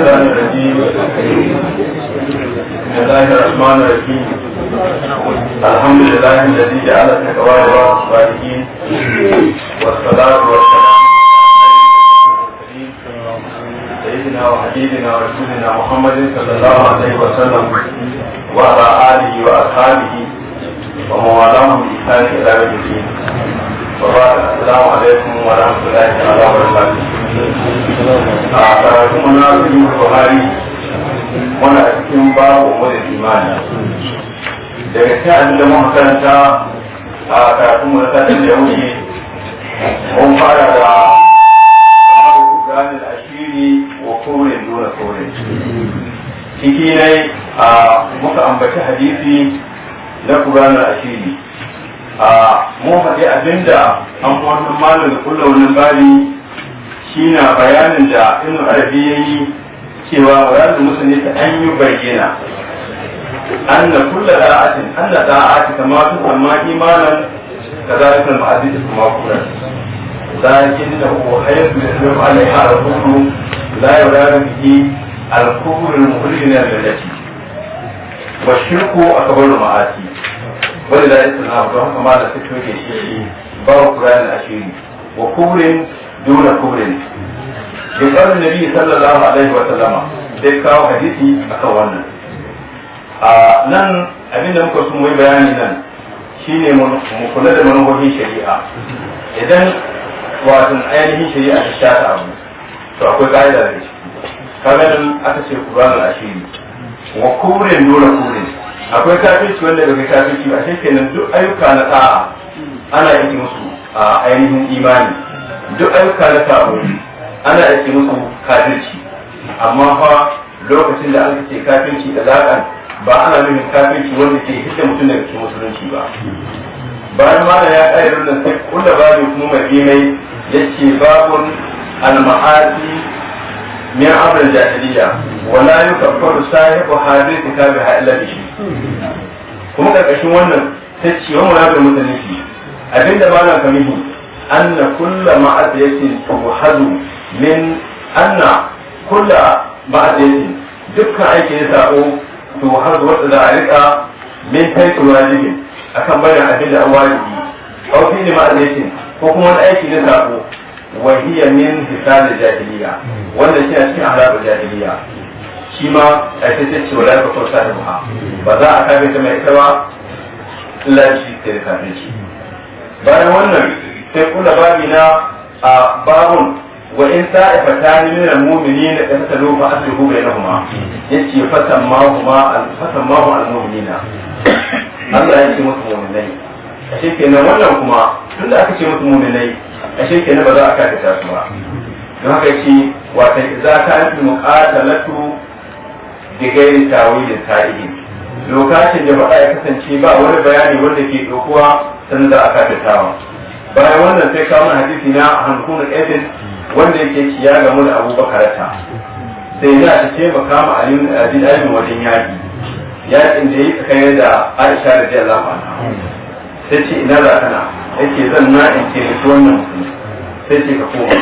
الشيطان الرجيم بسم الله الرحمن الرحيم الحمد لله الذي جعل التقوى وراء الصالحين والصلاة والسلام سيدنا وحبيبنا ورسولنا محمد صلى الله عليه وسلم وعلى آله وأصحابه ومن والاهم بإحسان إلى يوم الدين وبعد السلام عليكم ورحمة الله وبركاته a karatun na su buhari muna cikin babu mu da imani daga cikin abin da muka karanta a karatun mu na satin da wuce mun fara da babu ganin ashiri wa kore dole kore ciki ne a muka ambaci hadisi na ƙuranar ashiri a mun haɗe abinda an kwanan malar kulla wani bari shi na bayanin da ibn arabi ya yi cewa muradul ne ta an yi bayyana an na kulla da'atin an na da'ati kama sun amma imanan ka za su kalma aziz kuma kura lakin da ko hayatu da sun ba ne har kullu la yuradu bihi al-kufru al-mu'lin al-lati wa shirku akbaru ma'ati wala la yasna ba kama da fito ke shi ba qur'an ashiri wa kufrin dole kubre ne bi kawai nabi sallallahu alaihi wa sallama zai kawo hadisi a kan wannan a nan abinda muka so yi bayani nan shine mu kula da manufofin shari'a idan wato ainihin shari'a ta shata abu to akwai ka'ida da shi kamar aka ce kuran ne wa kubrin dole kubrin akwai kafirci wanda daga kafirci a shekenan duk ayyuka na ta'a ana yi musu a ainihin imani duk ayyuka a wuri ana yake musu kafirci amma fa lokacin da aka ce kafirci da zaƙan ba ana nufin kafirci wanda ke hita mutum daga cikin musulunci ba bayan mana ya ƙare wannan sai kulla babu kuma mai mai ya ce babun al-ma'asi min amrin jahiliya wala yukaffaru sahibu hadith kitabiha illa shi kuma karkashin wannan sai ce wa mutane shi abinda ba na kamihi أن كل معصية توحد من أن كل معصية دكا أيكي يساقو توحد وإذا عليك من حيث واجب أكم بين أبيل أواجب أو في معصية وكما أيكي يساقو وهي من حسان الجاهلية وأن شيء أشياء على الجاهلية شما أتتت ولا يكفر صاحبها فذا أكابي كما يتبع لا شيء تريد bayan wannan sai kula babi na a babun wa in ta'ifatan ni al-mu'minin da ta talo fa aslihu bainahuma yace fatan ma huma fatan ma huma al-mu'minina Allah ya ce musu mu'minai ashe kenan wannan kuma tun da aka ce musu mu'minai ashe kenan ba za a kada ta su ba don haka ce wata za ta yi muqatalatu da gairi tawilin sa'ihin lokacin da ba ya kasance ba wani bayani wanda ke dokuwa sun za a kada ta bayan wannan sai kawo hadisi na hankuna edin wanda yake ciya ga mun abubakar ta sai ya ta ce ba kama a bin alim wajen yaƙi yaƙin da yi kai da aisha da jalla ba sai ce ina za kana yake zan na in ce ni wannan mutum sai ce ka koma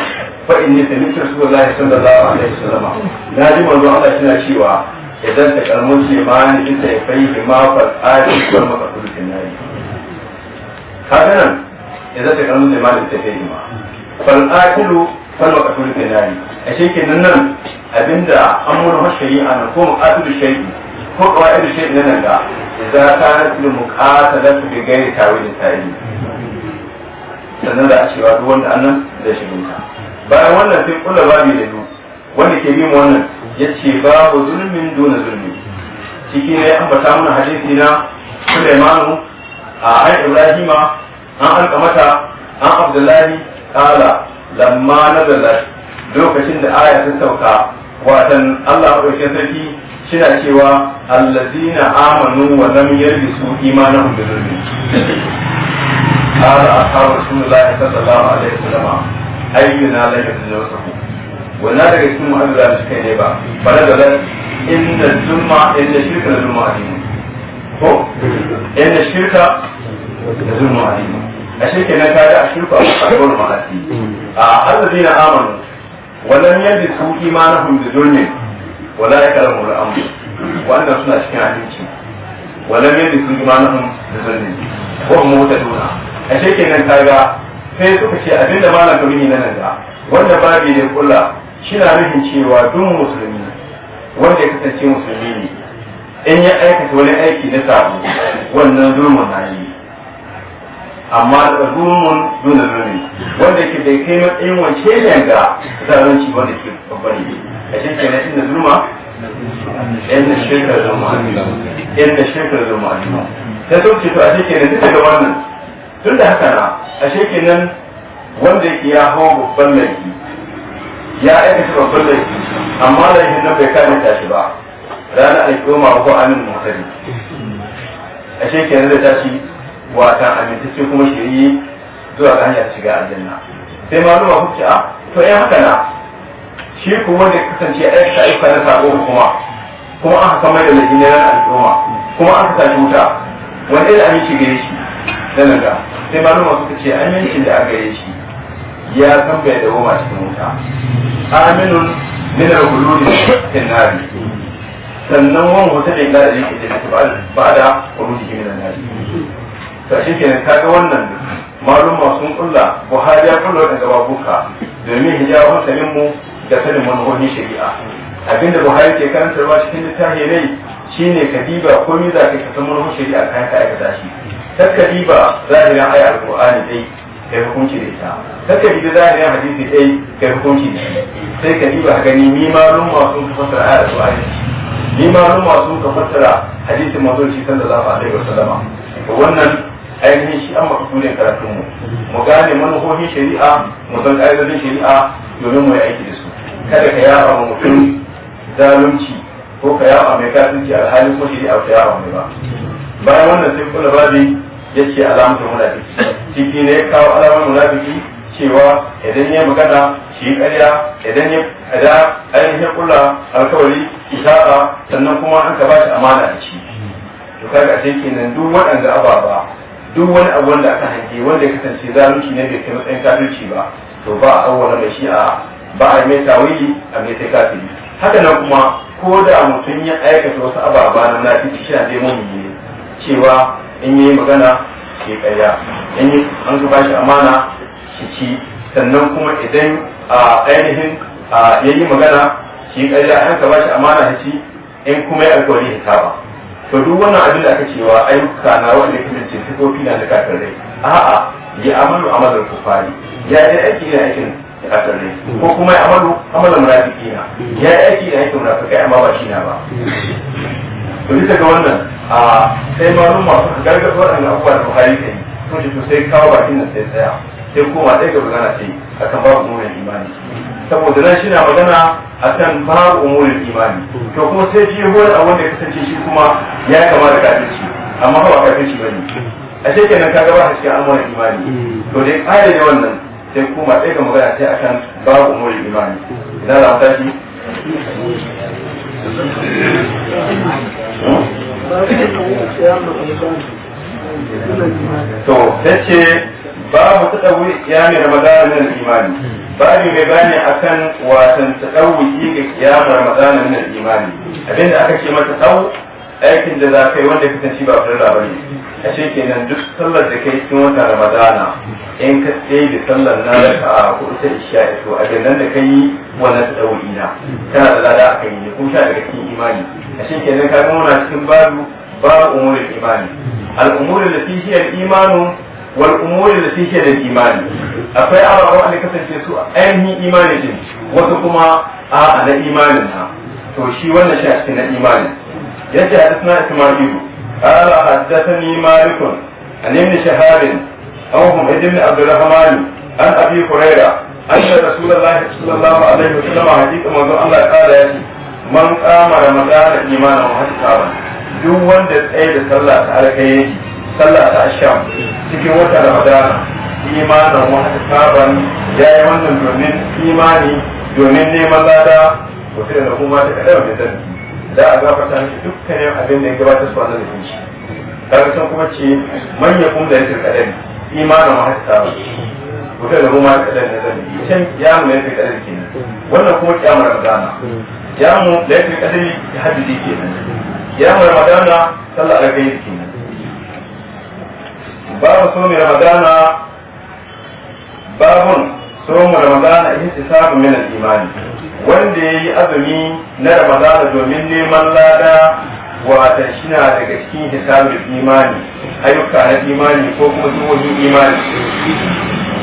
fa inni sami'tu rasulullahi sallallahu alaihi wasallam na ji manzo Allah yana cewa idan ta kalmo ce ma ni ita ya fai ma fa tsari ko maka kullu kinari kaga nan idan ta karamin zai malin tafiya ne ma fal'akilu falwa ka tuni kenani a shekin nan nan abinda an mura masu shari'a na ko mu'asidu shaidu ko kawai da na nan ga za ta nasu da muƙasalar su ga gairi tare da tare sannan da a cewa duk wanda annan da shirinta bayan wannan sai kula babi da duk wanda ke bin wannan ya ce babu zulmin dona zulmi ciki ne an bata mana hadisi na Sulaimanu a ai an mata an abdullahi kala lamma nazala lokacin da aya ta sauka watan Allah shi sarki shina cewa allazina amanu wa lam yalbisu imanahum bi dhulmi qala ashabu rasulillahi sallallahu alaihi wasallam ayyuna la yatazawwaju wannan daga cikin mu'amala da suka ne ba bala da lan inda zulma inda shirka da zulma adim ko inda shirka da zulma adim na shirke na kare a shirka a kasuwar mahasi a hallazi na amanu wannan yadda su imanahun da zulmin wala ya kala mura amu wanda suna cikin abinci wannan yadda su imanahun da zulmin ko mota duna a shirke na kaga sai suka ce abinda malam kamini na nan da wanda babi ne kula shi na nufin cewa duk musulmi wanda ya kasance musulmi ne in ya aikata wani aiki na sabo wannan zulmin na yi amma da gumun nuna nuni wanda ke da kai matsayin wance ne ga zaranci wanda ke babban ne a shi ke na inda zulma inda shekar zulma inda shekar zulma ta sauce to a shi ke nan duka da wannan tun da haka na a cikin nan wanda ke ya hau babban laifi ya aikata babban laifi amma laifin nan bai kare ta shi ba ranar alƙoma ko amin mutane a shi ke nan da tashi watan ce kuma yi zuwa ga hanyar shiga aljanna sai ma zuwa kuke a ah, to ya eh, haka na shi kuma da kasance yaka aika na sabo kuma kuma aka kamar da mai na al'umma kuma aka sa wuta wani ya aminci gare shi da naga sai ma zuwa suka ce amincin da aka yi shi ya san bai da goma cikin wuta aminun min al-hulul fi an-nar sannan wani wata da ya ga da yake da ba da hulul min an-nar ta shi kenan kaga wannan maluma sun kulla buhari ya kulla wadanda babuka domin hijabu yin mu da sanin manufofin shari'a abinda buhari ke karantarwa cikin littafi ne shine kadiba ko mi za ka san manufofin shari'a kan ka aikata shi takadiba zahirin aya alqur'ani dai kai hukunci da ita takadiba zahirin hadisi dai kai hukunci da ita sai kadiba gani ni maluma sun fasara aya alqur'ani ni maluma sun fasara hadisin manzon shi sallallahu alaihi wasallama wannan ainihin shi an tunin karatun mu mu gane manufofin shari'a mu san ƙa'idodin shari'a domin mu yi aiki da su kada ka yaba wa mutum zalunci ko ka yaba mai kasance alhali ko shari'a ka yaba mai ba bayan wannan sai kula babi ya ce alamar munafiki ciki ne ya kawo alamar munafiki cewa idan ya magana shi karya idan ya kada ainihin kula alkawari ishara sannan kuma an ka ba shi amana a ciki to kaga a nan duk waɗanda ababa duk wani abu wanda aka haife wanda ya kasance zalunci ne bai kai matsayin kafirci ba to ba a awwala mai shi a ba a mai tawili a mai sai kafiri haka nan kuma ko da mutum ya aikata wasu ababa na nafi shi na dai mun cewa in yi magana ke kaya in yi an zuba shi amana shi ci sannan kuma idan a ainihin ya yi magana shi kaya an ka ba shi amana shi in kuma ya alkawari ya saba to duk wannan abin da aka cewa ayyuka na wanda ya kasance sifofi na da kafirai a'a ya amalu amalan kufari ya yi aiki da aikin kafirai ko kuma ya amalu amalan munafiki na ya yi aiki da aikin munafiki amma ba shi na ba to bisa ga wannan a sai malum masu gargaɗo da abubuwa da Buhari kai sun ce to sai kawo bakin nan sai tsaya sai koma ɗaya ga magana ce akan babu umurin imani saboda nan shina magana akan babu umurin imani to kuma sai ji hore a wanda ya kasance shi kuma ya kama da ci. amma ba ci bane a shi kenan kaga ba cikin al'amuran imani to dai kare ne wannan sai kuma sai ka magana sai akan babu umurin imani idan za mu tashi to sai ce babu ta ya kiyami ramadana min imani babu mai bayani akan watan ta ɗauri ga kiyami ramadana min imani abinda aka ce mata ɗau aikin da za ka yi wanda ka shi ba farilla ba ne a ce kenan duk sallar da kai cikin wata ramadana in ka tsaye da sallar na raka ko ita isha to a gannan da ka yi wannan ta ɗauri na kana da lada kan yi kuma sha daga cikin imani a ce kenan ka ga muna cikin babu babu umurin imani al'umurin da fi shi imanu wal umuri da suke da imani akwai ababen wanda kasance su ainihin imani din wasu kuma a na imanin na to shi wannan shi a cikin na imani yace hadisna isma'ilu قال حدثني مالك عن ابن شهاب أو هم ابن عبد an عن أبي هريرة أن رسول alaihi صلى الله عليه وسلم حديث منذ الله قال يأتي من قام رمضان إيمانا duk wanda tsaye da sallah ta alkai sallah ta asham cikin wata ramadana imanin wata saban ya yi wannan domin imani domin neman lada wasu da kuma ta kaɗa mai zan za a gafarta mishi dukkanin abin da ya gabata su wannan da shi kaga sun kuma ce manya kuma da ya tilka ɗari imanin wata saban wasu da kuma ta kaɗa mai zan can ya mu ya tilka ɗari wannan kuma kyamar ramadana ya mu da ya tilka ɗari ya hajji kenan ya mu ramadana sallah algairi kenan babu somi ramadana babun somi ramadana ihtisabu min al-imani wanda yayi azumi na ramadana domin neman lada wata shina daga cikin hisabul imani ayyuka na imani ko kuma duwoyin imani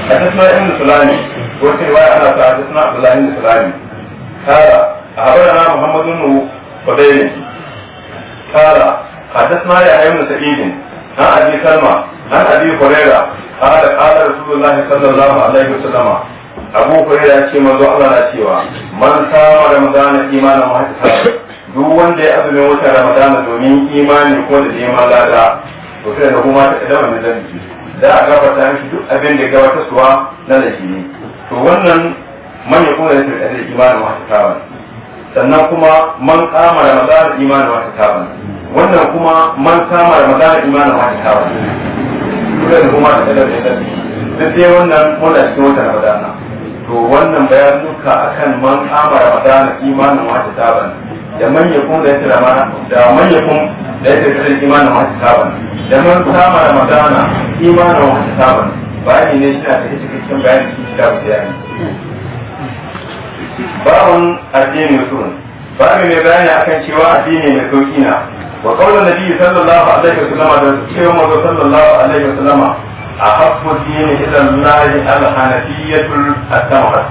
حدثنا ابن سلامي وفي رواية أنا حدثنا عبد الله بن سلامي قال أخبرنا محمد بن عبيد قال حدثنا يحيى بن سعيد ابي سلمى salma ابي abi huraira قال رسول rasulullahi sallallahu alaihi عليه abu ابو ya ce manzo Allah na cewa man sama ramadana imanin muhaddisa duk wanda ya azumin wata ramadana domin imani ko da neman lada to sai da kuma ta idan mai zambi da a gabata mishi duk abin da suwa na laifi ne to wannan man ya kuma yake da imanin muhaddisa sannan kuma man kama ramadana imanin muhaddisa wannan kuma man sama ramadana imanin hadisa wa duka da kuma da da da duk dai wannan muna cikin wata ramadana to wannan bayan duka akan man sama ramadana imanin hadisa wa da man yakun da yake ramana da man yakun da yake da imanin hadisa wa da man sama ramadana imanin hadisa wa bayani ne shi na da cikin bayani shi da bayani ba'un addini mutum ba mai bayani akan cewa addini mai sauki na وقول النبي صلى الله عليه وسلم كيوم صلى الله عليه وسلم أحب الدين إلى الله الحنفية التمرة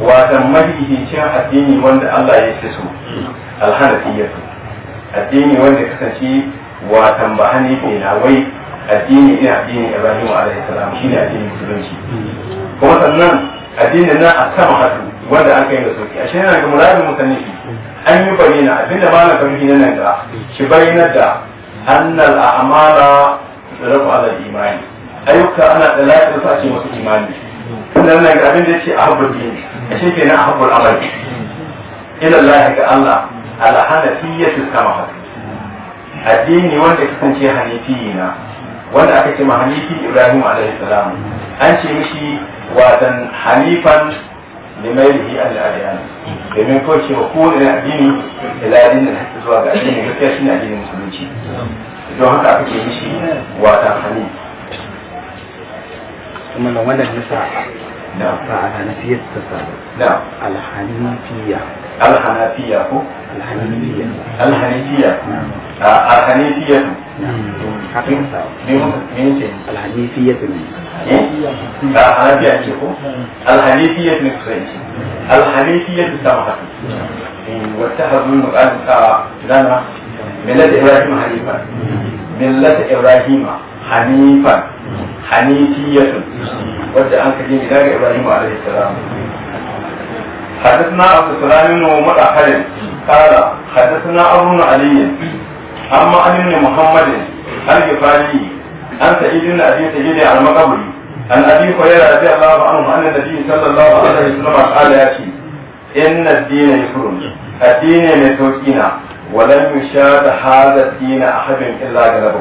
وتمهيه شيء الدين وند الله يسسو الحنفية الدين وند كسنشي وتنبهني بين هوي الدين إلى الدين إبراهيم عليه السلام شيء الدين المسلمشي kuma sannan addinin na a sama hatu wanda an kai da sauki a shi yana ga muradin mutane an yi bayyana abinda ma na kamshi na nan ga shi bayyanar da annal a'mala rabu ala imani ayyuka ana da lafiyar sa ce masu imani tunda nan ga abin da yake ahabbul dini a shi a ahabbul amali ila lahi ga Allah alhanafiyatu kama addini wanda kasance hanifi na wanda aka ce ma hanifi Ibrahim alaihi salam an ce mishi watan hanifan لميله اهل الاديان لمن كل شيء وكون الى ديني الى دين الحس الواقع ديني قلت يا شنو ديني مسلمين لو هكا في شيء واتا خليل ثم لو ولد نسعى نعم فعلى نفية التصرف نعم الحنفية الحنفية هو الحنيفية الحنيفية آه، الحنيفية الحنيفية الحنيفية الحنيفية السمحة واتخذوا منه آه، لنا ملة إبراهيم حنيفا ملة إبراهيم حنيفا حنيفية وجعلت دين إبراهيم عليه السلام حدثنا عبد السلام بن مدحر قال حدثنا عمرو بن علي عن معن محمد الجفاري عن سعيد بن ابي سعيد المقبري عن ابي هريره رضي الله عنه ان النبي صلى الله عليه وسلم قال ياتي ان الدين يسر الدين يسوكينا ولن يشاد هذا الدين احد الا غلبه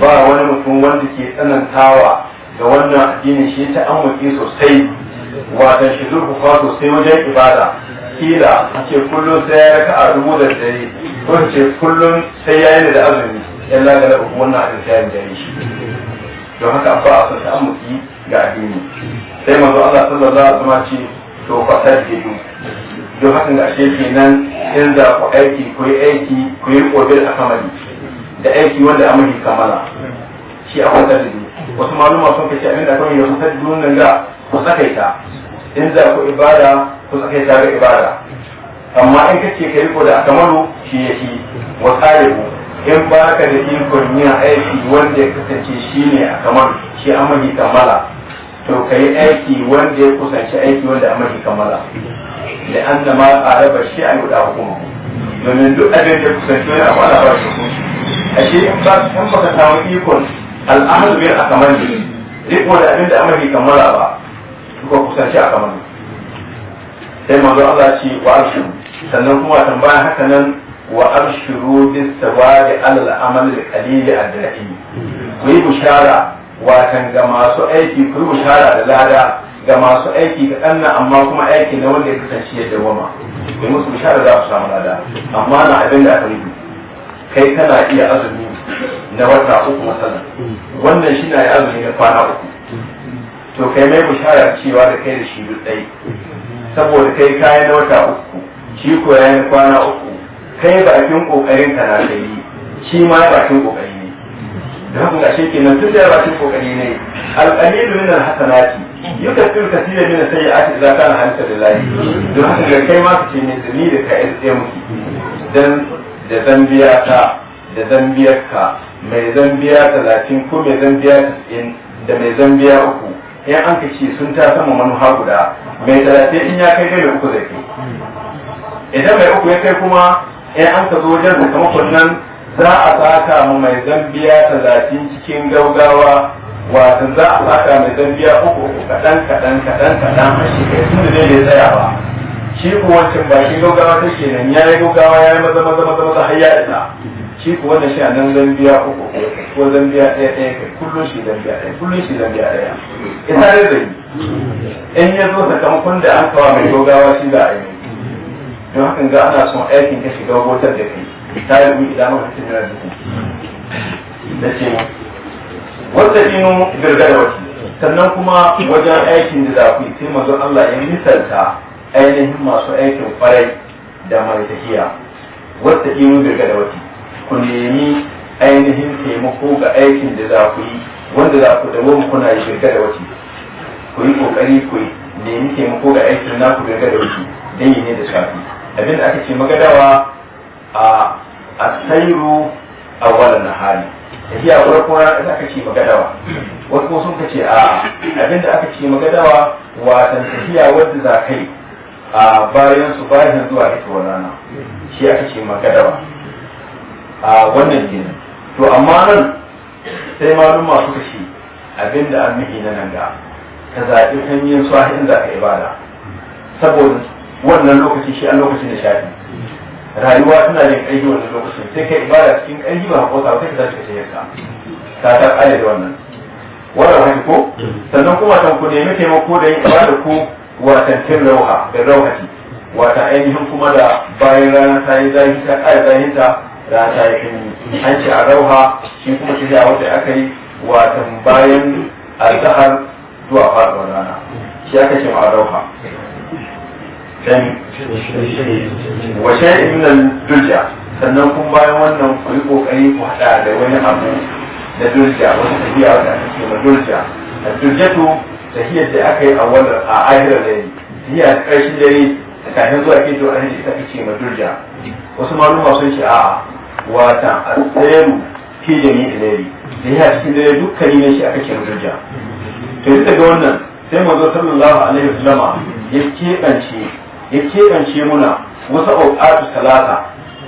ba wani mutum wanda ke tsanantawa ga wannan addinin shi ta ammuki sosai watan shi zurfafa sosai wajen ibada kila ce kullum sai ya raka a dubu da dare ko ce kullum sai ya yi da azumi yan laga da uku wannan abin sai ya jari shi don haka ba a san ta'ammuki ga addini sai manzo Allah sallallahu alaihi wasallam ce to fa sadidu don haka ga ashe kenan in za ku aiki ku yi aiki ku yi kobil akamali da aiki wanda amuri kamala shi a kwatar da wasu maluma sun kace abin da kawai ya kwatar da nan ga ku sakaita in za ku ibada su suka yi tabi ibada amma in ka ce ka da shi ya shi wa in baka da ikon yin aiki wanda ya kasance shi ne shi kamala to aiki wanda ya kusanci aiki wanda kamala da an da ma shi a da hukuma domin duk abin da kusanci ba shi in ba in samu ikon abin da kamala ba ko kusanci sai manzo Allah ce wa abshiru sannan kuma tambaya haka nan wa abshiru bis sawabi alal amal qalil adraki ku yi bushara watan ga masu aiki ku yi bushara da lada ga masu aiki ga kanna amma kuma aiki na wanda ya kasance ya dawama ku musu bushara za su samu lada amma na abin da aka yi kai kana iya azumi na wata uku masana wannan shi na ya azumi na kwana uku to kai mai bushara cewa da kai da shi duk ɗaya saboda kai kayan na wata uku shi ko yayin kwana uku kai bakin kokarin ka na kai shi ma bakin kokari ne da haka ga shi nan tun da bakin kokari ne alqalilu min alhasanati yukathiru kaseeran min sayyi'ati idza kana hanta lillahi don haka da kai ma ce ne zuni da kai tsaye mu dan da zambiya ta da zambiyar ka mai zambiya talatin ko mai zambiya tasirin da mai zambiya uku in an ka ce sun ta sama manuha guda mai talatin in ya kai mai uku zai kai idan mai uku ya kai kuma in an ka zo wajen da sakamakon kunnan za a saka mu mai zambiya talatin cikin gaugawa wato za a saka mai zambiya uku uku kaɗan kaɗan kaɗan kaɗan a shi tun da dai bai tsaya ba shi ko wancan ba shi gaugawa take ne ya yi gaugawa ya yi maza maza maza maza har ya isa shi ko wanda shi a nan zambiya uku ko zambiya ɗaya ɗaya kai kullum shi zambiya ɗaya kullum shi zambiya ɗaya ita ne zai in ya zo sakamakon da an kawo mai dogawa shi za a yi don hakan ga ana son aikin ka shiga wutar da kai ta yi wuyi idan maka cikin da da ce wata inu gargadarwaci sannan kuma wajen aikin da za ku yi sai mazan Allah ya misalta ainihin masu aikin kwarai da mai tafiya wata inu gargadarwaci ku nemi ainihin taimako ga aikin da za ku yi wanda za ku dawo kuna yi shirka da wace ku yi kokari ku nemi taimako ga aikin na ku shirka da wace dan yi ne da shafi abin da aka ce magadawa a asairu awwalan nahari tafiya wurin kuma da aka ce magadawa wasu kuma sun kace a abin da aka ce magadawa watan tafiya wadda za kai a bayan su bayan zuwa ita rana shi aka ce magadawa a wannan kenan to amma nan sai malum masu kashi da an mihi na nan ga ka zaɓi hanyoyin sahihin za ka ibada saboda wannan lokaci shi an lokacin da shafi rayuwa tana yin ƙarfi wannan lokacin sai ka ibada cikin ƙarfi ba hakota ba sai ka zaɓi ka sayar ka ta ta ƙare da wannan wannan haka ko sannan kuma tan ku nemi taimako da yin ibada ko watan tin rauha da rauhati wata ainihin kuma da bayan ranar ta yi zahi ta ƙare zahinta da ta yi an ce a rauha shi kuma shi wata aka yi watan bayan azahar zuwa faɗuwar rana shi aka ce a rauha dan wace nan dulja sannan kun bayan wannan ku yi kokari ku hada da wani abu da dulja wata tafiya wata aka ce ma dulja a duljatu tahiyar da aka yi a wannan a ahirar dare a ƙarshen dare tsakanin zuwa ke to an ji ita ce ma dulja wasu malu sun ce a'a watan asiru fi jami'i ilari da ya cikin dare dukkan ne shi aka kira hujja to yi daga wannan sai manzo sallallahu alaihi wasallama ya kebance ya kebance muna wasu auqatu salata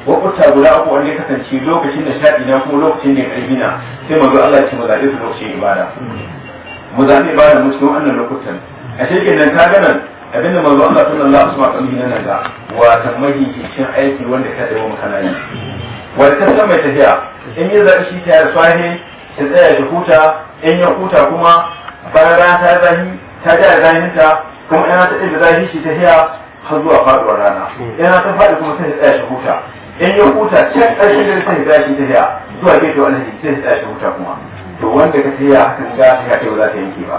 wakuta guda uku wanda ya kasance lokacin da shaɗi na kuma lokacin da ya ƙarfi na sai manzo Allah ya ce mu zaɓe su lokacin ibada mu zaɓe ibada mu cikin wannan lokutan a shekin nan ka gana abinda manzo Allah sallallahu alaihi wasallam ya nan ga wa tammahi cikin aiki wanda ka da wa makana yi wani ta mai tafiya in yi zaɓi shi ta swahi ta tsaya da huta in ya huta kuma bayan rana ta zahi ta ja zahinta kuma yana ta ɗaya zahi shi tafiya har zuwa faɗuwar rana yana ta faɗi kuma sai ta tsaya shi huta in ya huta can ƙarshe da sai ta tsaya shi tafiya zuwa gefe wani sai ta tsaya shi huta kuma to wanda ka tafiya hakan ga ta ba za ta yanke ba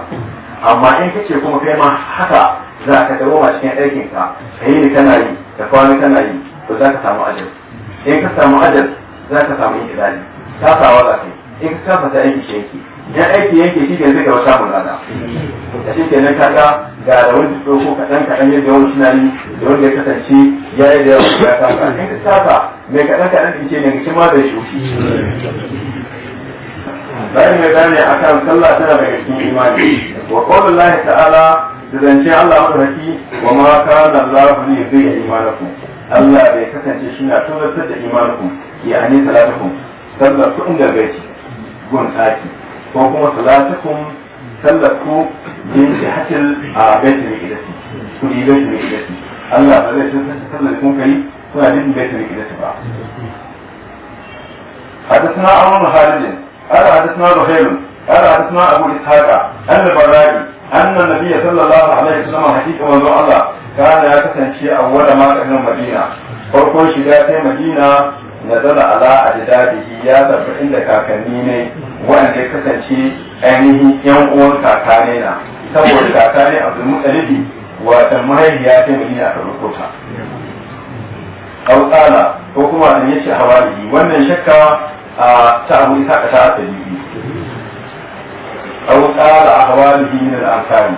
amma in kace kuma kai ma haka za ka dawo a cikin aikinka ka yi da kana yi da kwana kana yi to za ka samu ajiyar in ka samu adal za ka samu yin ilali ta sawa za ka yi in ka kafa ta yanki yanki idan aiki yanke shi ke zai gaba samun rana da shi ke nan kaga ga da wani tsoko kaɗan kaɗan yadda wani suna yi da wani ya kasance ya yi da yawa ya kafa in ka kafa mai kaɗan kaɗan in ce yanki ma da shi bayan mai a kan sallah tana da cikin imani wa qawlullahi ta'ala da zance Allah mafarki wa ma kana Allah li yudhi'a imanakum Allah bai kasance shi na da imanukum ya ne salatukum sallar ku gun tsaki ko kuma salatukum sallar ku yin a baitul miqdasi ku yi baitul miqdasi Allah ba zai sallar kun kai yin ba حدثنا عمر خالد قال حدثنا قال حدثنا ابو اسحاق ان النبي صلى الله عليه وسلم الله kana ya kasance a wada maganin madina farko shiga ta madina na zana ala a jidadihi ya zaɓi inda kakanni ne wanda ya kasance ainihin yan uwan kaka ne na saboda kaka ne abu mutsalibi wata mahaifiya ta madina ta rukuta kautala ko kuma an yace hawali wannan shakka a ta abu isa ka ta asali kautala a hawali na al-ansari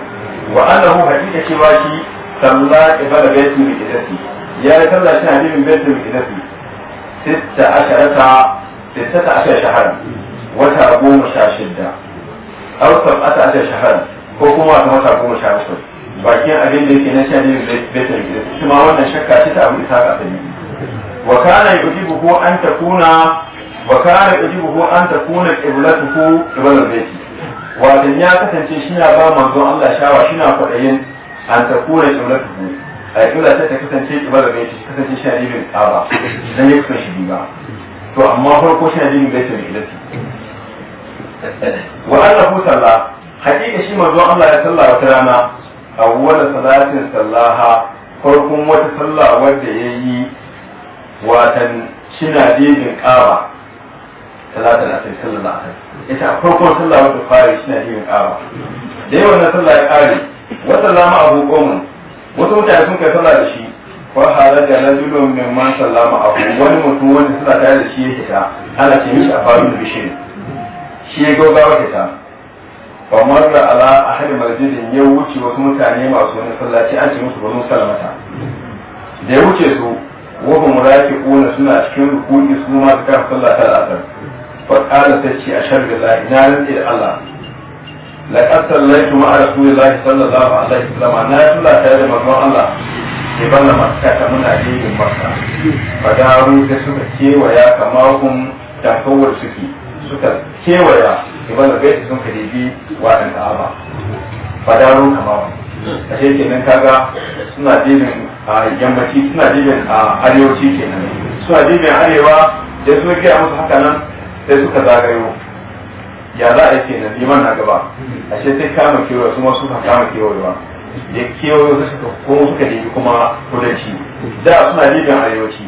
wa annahu hakika ba shi salla ibada baitul miqdasi ya yi sallah shi hadibin baitul miqdasi sitta asharata sittata ashar shahara wata goma sha shidda aw sab'ata ashar shahara ko kuma wata goma sha bakin abin da yake na shi hadibin baitul miqdasi shi ma wannan shakka ce ta abu isa ka sani wa kana yujibuhu an takuna wa kana yujibuhu an takuna qiblatuhu qibla wa dan ya kasance shi na ba manzon Allah shawa shi na kwadayin an ta kura kimar tuhu a kimar ta kasance kimar da shi kasance shi ne bin kaba idan ya kusa shi ba to amma farko shi ne bin gaisa mai ilati wa annahu sallah hakika shi manzo Allah ya salla wata rana a awwala salatin sallaha farkon wata sallah wanda yi watan shina dinin kaba talatin asir sallallahu alaihi ita farkon sallah wanda fara shina dinin kaba da yawan sallah ya kare wata zama abu komun wasu mutane sun kai sallah da shi halar da na julon min man sallama abu wani mutum wanda suna tare da shi ya fita ana ce mishi a faru da bishin shi ya gaugawa fita ba marra ala a ahli marjidin ya wuce wasu mutane masu wani sallaci an ce musu banu sallamata da ya wuce su muraki rafi'una suna cikin rukuni su ma su kan sallata al'asar fa qala ta ce ashhadu billahi na rantsi da Allah لقد صليت مع رسول الله صلى الله عليه وسلم انا صلى تare da manzon Allah ke balla makka ta muna jirgin makka fadaru da suka kewaya kama kun takawar suke suka kewaya ke balla gaita sun ka dibi waɗanda ta'aba fadaru kama kun ashe kenan kaga suna jirgin a yammaci suna jirgin a arewaci kenan suna jirgin arewa da suka kira musu haka nan sai suka zagayo ya za a yi na liman na gaba a ce sai kama kewaye su ma suka kama kewayewa ya kewayo su suka kuma suka nemi kuma kudanci da suna liban arewaci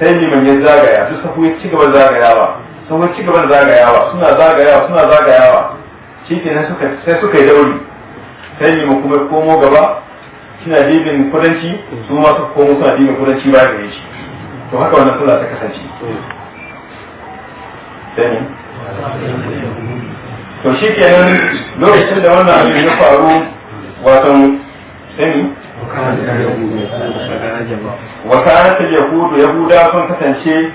sai liman ya zagaya duk sa ya ci gaba zagayawa sun ya ci gaba zagayawa suna zagayawa suna zagayawa shi kenan suka sai suka yi dauri sai liman kuma komo gaba suna libin kudanci su ma suka komo suna libin kudanci ba gare shi to haka wannan sallah ta kasance hmm. sai to shi kenan lokacin da wannan abin ya faru wato sani وكانت اليهود يهودا sun kasance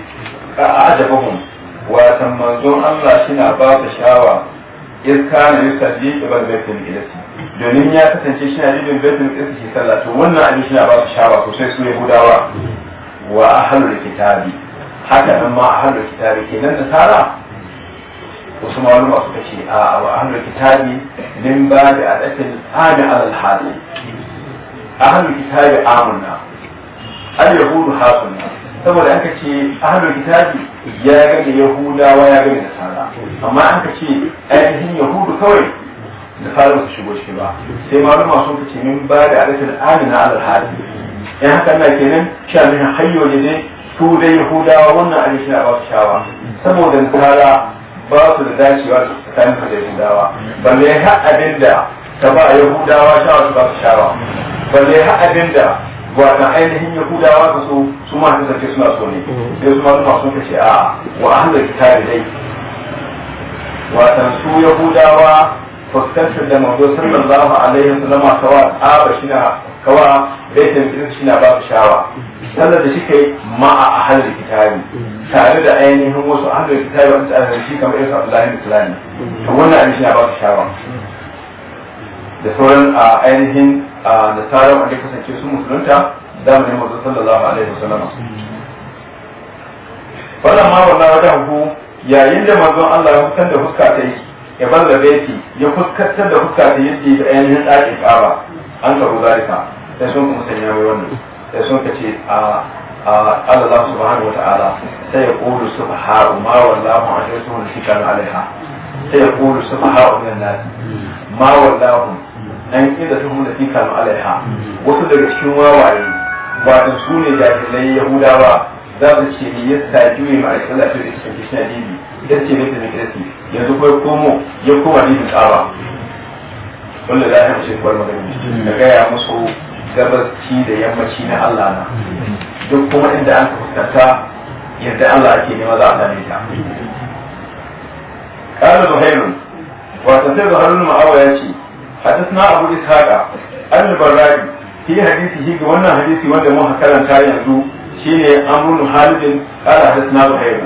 a ajabahun watan manzon Allah shina ba ta shawa iska na in ji yusaji bar baitul ilasi domin ya kasance shina jibin baitul ilasi shi sallah to wannan abin shina ba ta shawa sosai su yahudawa wa ahlul kitabi haka nan ma ahlul kitabi kenan da tara wasu malama suka ce a wa ahlul kitabi din ba da adatin hali alal hali ahlul kitabi amunna al yahudu hasunna saboda aka ce ahlul kitabi ya ga da yahudawa ya ga da nasara amma aka ce ainihin yahudu kawai da fara su shigo ciki ba sai malama sun fice min ba da adatin amina alal hali yan haka na kenan sha min hayyo ne su da yahudawa wannan alishin a ba su shawa saboda nasara ba su da dacewa da tsakanin da yahudawa balle har abin da ta ba yahudawa shawa su ba su shawa balle har abin da wata ainihin yahudawa ka so su ma su zarce suna so ne sai su ma su masu kace a wa an da kita da dai watan su yahudawa fuskantar da manzo sallallahu alaihi wasallam ta wa ba shi na kawa zai tambayi shi na babu shawa sannan da shi kai ma'a a ahalin kitabi tare da ainihin wasu a halin kitabi wanda a shi kamar irin abdullahi da fulani to wannan abin shi na babu shawa da sauran a ainihin da tsarin wanda kasance su musulunta da zamanin mu sallallahu alaihi wasallam wannan ma wannan wajen ku yayin da manzon Allah ya fitar da fuska ta yi ya bar da beti ya fuskantar da fuska ta yi da ainihin ɗakin ƙaba an karu zalika sai sun kuma sanya mai wannan sai sun kace a Allah subhanahu wa ta'ala sai ya qulu subhanahu ma wallahu an yusulu shikana alaiha sai ya qulu subhanahu min nas ma wallahu an kida tuhum da shikana alaiha wasu daga cikin wawaye wato su ne jahilai yahudawa za su ce ni ya sa juye ma Allah to da cikin kishna dibi yace ne da kirki yanzu kuma ya koma dibin tsaba wanda za a yi mace gwar magani da gaya musu gabaci da yammaci na Allah na duk kuma inda an fuskanta yadda Allah ke nema za a dame ta. Kala Zuhairu, wasantar Zuhairu na ma'awa ya ce, hadis na Abu Ishaqa, an da barrari, fi hadisi shi ga wannan hadisi wanda mun ta yanzu shi ne Amrun Halidin kala hadis na Zuhairu.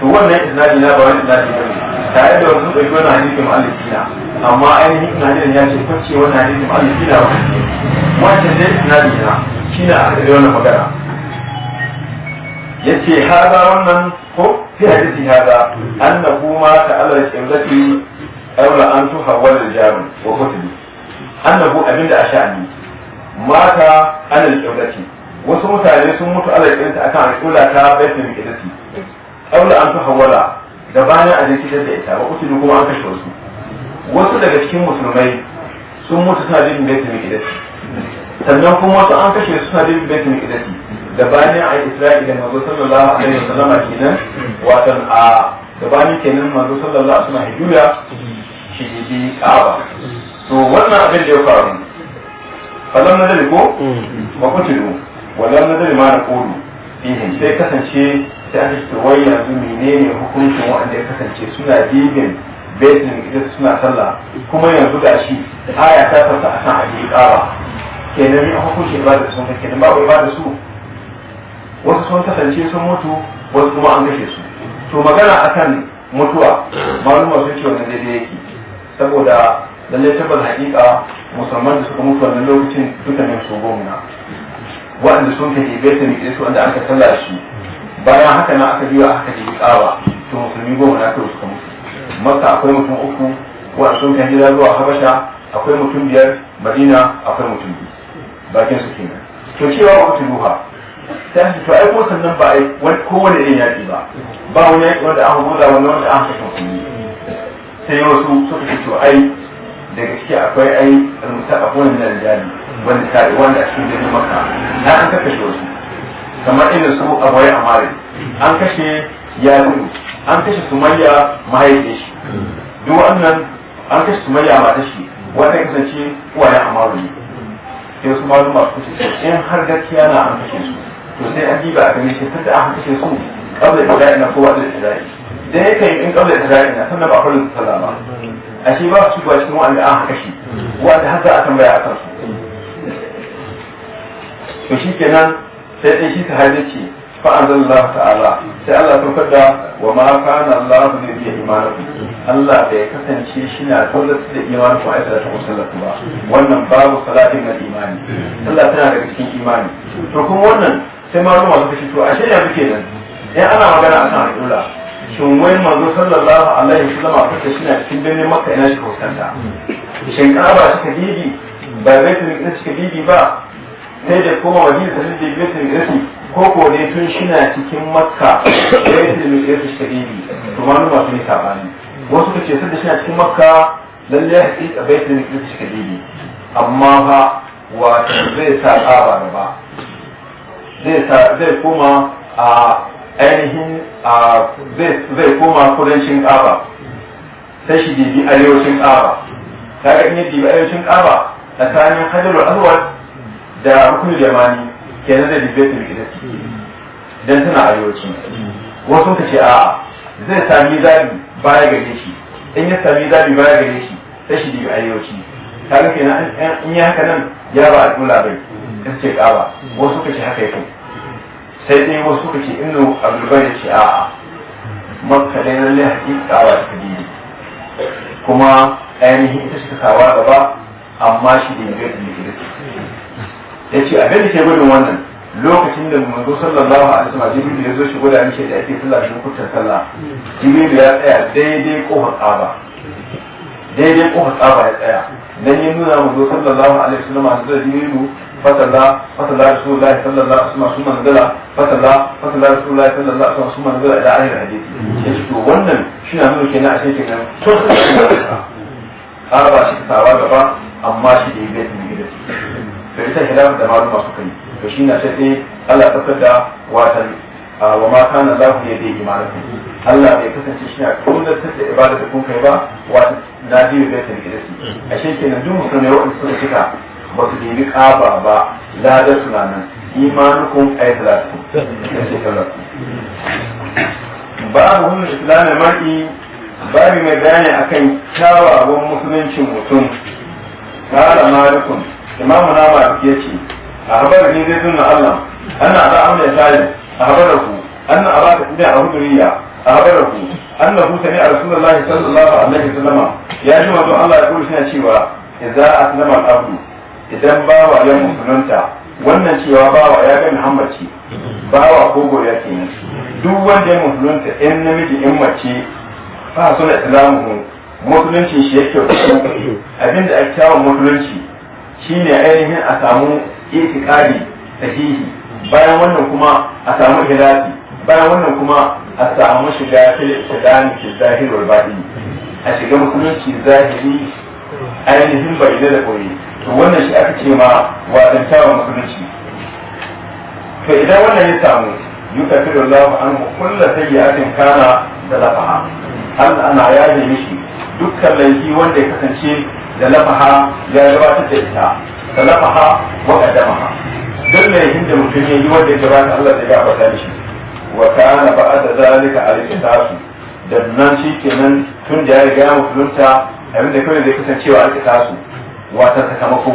To wannan isnadi na ba wani isnadi ba ne, ta yadda wasu ɗauki wannan hadisi ma'alisi na. amma ainihin sanadin ya ce kwace wannan hadisin ba zai gida ba wancan dai sanadin na shi na a da wannan magana yace haza wannan ko fi hadisi haza an annahu ma ta'alla qimzati aula an tuhawwal al-jarum wa hutbi annahu abinda asha'ani mata ala al wasu mutane sun mutu ala al a kan rikula ta baitul qimzati aula an tuha tuhawwala da bayan a jiki da ita wa hutbi kuma an kashe wasu wasu daga cikin musulmai sun mutu suna jin baitul miqdis sannan kuma wasu an kashe suna jin baitul miqdis da bani a isra'ila manzo sallallahu alaihi wasallam kenan watan a da bani kenan manzo sallallahu alaihi wasallam hijira shi bi kaaba to wannan abin da ya faru falan na dali ko ba ku tudu wallan na dali ma na kudu fihin sai kasance sai an ce wai yanzu menene hukuncin wanda ya kasance suna jibin baitin kirista suna sallah kuma yanzu ga shi aya ta fasa a kan ajiye ƙara kenan ne hukunci ba da sun kenan babu ba da su wasu sun kasance sun mutu wasu kuma an kashe su to magana akan mutuwa maluma sun ce wannan daidai yake saboda lallai tabbas hakika musamman da suka mutu wannan lokacin dukkanin su gomna waɗanda sun kashe baitin kirista wanda aka sallah shi bayan haka na aka biya aka ji ƙara to musulmi goma na kai suka mutu maka akwai mutum uku wa sun kan jira zuwa habasha akwai mutum biyar madina akwai mutum biyu bakin su kenan to cewa ba ku ruha sai to ai ko sannan ba ai wani kowane irin yaki ba ba wani yaki wanda aka goda wani wanda aka kashe musulmi sai wasu suka ce to ai daga ciki akwai ai rumsa a kowane na rijali wanda ta wanda a cikin jirgin maka na an kashe wasu kamar irin su abuwai amare an kashe ya gudu an kashe sumayya mahaifin shi duk wannan an kashe sumayya mata shi wannan ya kasance uwayen amaru ne sai su malu masu kashe su in har gaskiya na an kashe su to sai an diba a gani shi tunda an kashe su kabla ya isra'i na kowa da isra'i da ya kai in kabla ya isra'i ina sannan ba farin salama a shi ba su ba cikin wanda an haka shi wanda har za a tambaya a kansu to shi kenan sai dai shi sahabi ce fa'azan Allah ta'ala sai Allah ta fada wa ma na Allah ne biya imanaku Allah bai kasance shi na dole da imanaku a ta musallatu ba wannan babu salatin na imani Allah tana daga cikin imani to kuma wannan sai ma ruwa suka fito a shirya suke nan in ana magana kan al'ula shin wai manzo sallallahu alaihi wasallam a fata shi na cikin birnin makka ina shi kautanta shin kaba shi ka bibi ba zai ta cikin kadidi ba sai da koma wajen da shi da Koko kore tun shina cikin makka ya yi tilmi ya su ta ibi to malum ba su ne sabani wasu ka ce sanda shina cikin makka lalle ya haƙi a bai tilmi ya su ta ibi amma ba wata zai sa tsaba da ba zai koma a ainihin zai koma kudancin ƙaba sai shi dibi arewacin ƙaba kaga in ya dibi arewacin ƙaba tsakanin hajjarul aswad da Rukunin yamani kenan zai dubbe ta bikin dan tana arewaci wasu ka ce a'a zai sami zabi baya gare shi in ya sami zabi baya gare shi sai shi dibi arewaci kaga kenan in ya haka nan ya ba al'ula bai in ce ƙaba wasu ka ce haka yake sai dai wasu ka ce inu abdulbai ya ce a'a Maka dai lallai hakika ba ta dibi kuma ainihin ita suka sawa gaba amma shi dibi ga dibi ya ce abin da ke gudun wannan lokacin da manzo sallallahu alaihi wasallam jibril ya zo shi gwada mishi da ake sallah shi kutar sallah jibril ya tsaya daidai kofar tsaba daidai kofar tsaba ya tsaya dan ya nuna manzo sallallahu alaihi wasallam da jibril fatalla fatalla rasulullahi sallallahu alaihi wasallam su manzala fatalla fatalla rasulullahi sallallahu alaihi wasallam sun manzala ila ahir hadisi sai to wannan shi na nuna kenan a cikin nan to tsaba shi tsawa gaba amma shi da yake da da ita hilafin da maluma suka yi to shi na sai Allah tsakar da watan ah, wa ma kana lahu ya yadi imanakum Allah bai kasance shi a kullum da ibada da kun kai ba watan na biyu bai tarike da shi a shi kenan duk musulmai waɗanda suka cika ba su nemi ƙaba ba ladar suna nan imanukum ay talatu da shekarar babu hulun islamin mar'i babu mai bayani akan kyawawan musuluncin mutum kala malikun imamu na ba ya ce a habar ne zai tunna allah na za a ya sayin a da ku an a ba ta kuma a huduriya a da ku an na huta ne a rasulullahi sallallahu alaihi sallama ya ji wato allah ya kuri suna cewa idza aslama al abu idan bawa ya musulunta wannan cewa bawa ya ga muhammad ce bawa ko goriya ne duk wanda ya musulunta in namiji yan mace fa suna islamu musulunci shi yake abinda ake kyawun musulunci Shi ne ainihin a samu itikadi sahihi bayan wannan kuma a samu hilafi bayan wannan kuma a samu shiga fil islami fi zahir wal batin a shiga musulunci zahiri ainihin bai da koyi to wannan shi aka ce ma wadantawa musulunci to idan wannan ya samu yukafiru Allah an kullu sayyi'atin kana da lafaha Allah ana yaje mishi dukkan laifi wanda ya kasance da lafaha ya gabatar da ita da lafaha wa kaddamaha duk mai inda mutum ya yi wanda ya gabata Allah zai gafarta da shi wa kana ba'da zalika al tasu dan nan kenan tun da ya riga mutunta abin da kawai zai kasancewa al tasu wata sakamako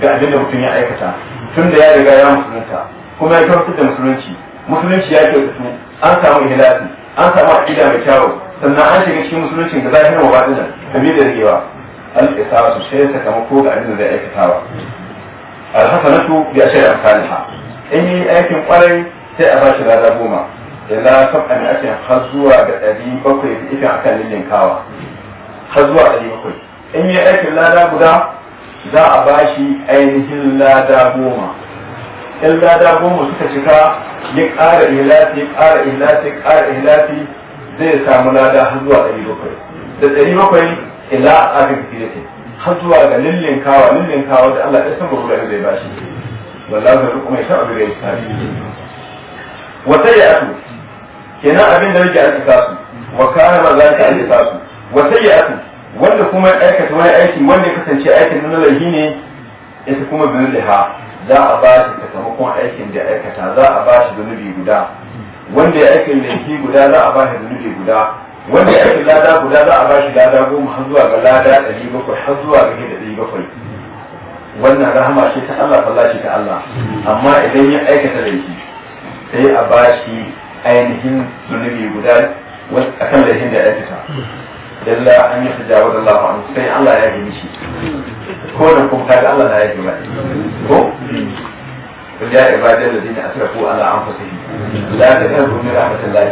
ga abin da mutum ya aikata tun da ya riga ya musulunta kuma ya kyautar da musulunci musulunci ya kyautatu an samu ihlasi an samu aqida mai kyawu sannan an shiga cikin musulunci da zahirin wa batinan kamar da rigewa alƙisasu sai sakamako ga abin da zai aikatawa alhasanatu bi ashri amsalha in yi aikin kwarai sai a bashi lada goma ila sab'a min ashri har zuwa ga bakwai da ita akan lillinkawa har zuwa ɗari bakwai in yi aikin lada guda za a bashi ainihin lada goma in lada goma suka cika ya ƙara ihlasi ya ƙara ihlasi ya ƙara zai samu lada bakwai da bakwai ila aqabi fikrati har zuwa ga lillin kawa lillin kawa da Allah ya san ruwa zai bashi wallahi da kuma ya sha'a da yake tabi wata ya atu kenan abin da yake aka sasu wa kana ma za ta aka sasu wata ya atu wanda kuma ya aikata wani aiki wanda ya kasance aikin nan lahi ne ita kuma bin liha za a ba shi sakamakon aikin da aikata za a ba shi zunubi guda wanda ya aikin laifi guda za a ba shi zunubi guda wanda ya fi lada guda za a ba shi lada goma har zuwa ga lada ɗari bakwai har zuwa ga gida ɗari bakwai wannan rahama ce ta Allah falla ce ta Allah amma idan ya aikata laifi sai a ba shi ainihin zunubi guda a kan laifin da ya aikata dalla an yi tajawa da Allah an sai Allah ya yi shi ko da kuma kaga Allah na ya yi ko قل يا عبادي الذين اسرفوا على انفسهم لا تقنطوا من رحمه الله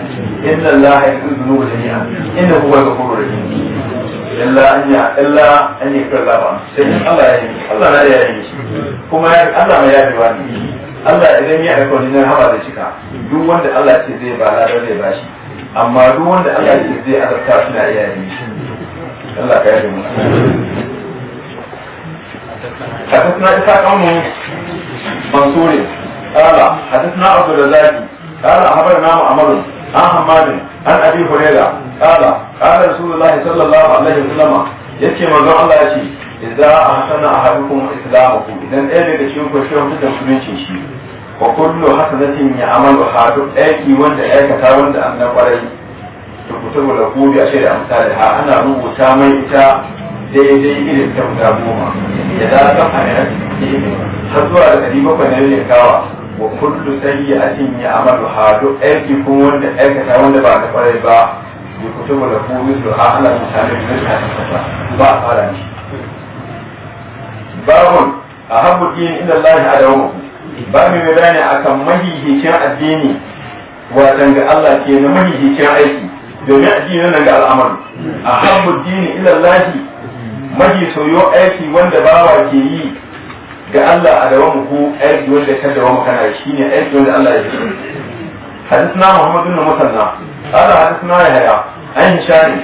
ان الله يغفر الذنوب جميعا انه هو الغفور الرحيم الا ان الا ان يغفر الله sai Allah ya yi Allah na ya yi kuma Allah mai yafi wani Allah idan ya aiko ni na haba da cika. duk wanda Allah ce zai ba la ba shi amma duk wanda Allah ce zai azabta shi ka حدثنا إسحاق عمر منصور قال حدثنا عبد الرزاق قال أخبرنا معمر عن حماد عن an هريرة قال قال رسول الله صلى الله عليه وسلم yake manzon Allah ya ce idza ahsana ahadukum islamahu idan ɗaya daga cikin ku shi mutum da mutuncin shi wa kullu hasanatin ya amalu ha aiki wanda aikata wanda an na kwarai to ku saboda ku a ana rubuta mai ita daidai irin kyauta goma ya da ta hanyar har zuwa da kadi bakwai na yin kawa wa kullu sai ya atin ya amalu ha duk aiki kun wanda aikata wanda ba ta kwarai ba ya ba da ku misu ha ana misali da mutane ba a fara ne. babun a haɓu ɗin inda Allah ya adawo ba mai bayani akan mahihicin addini watan ga Allah ke na mahihicin aiki domin addini nan ga al'amarin a haɓu ɗin ila Allah Maji soyo aiki wanda bawa ke yi ga Allah a dawa muku aiki wanda ka dawa muka na shi ne aiki wanda Allah ya shi hadisna Muhammad na musanna ala hadisna ya haya an shani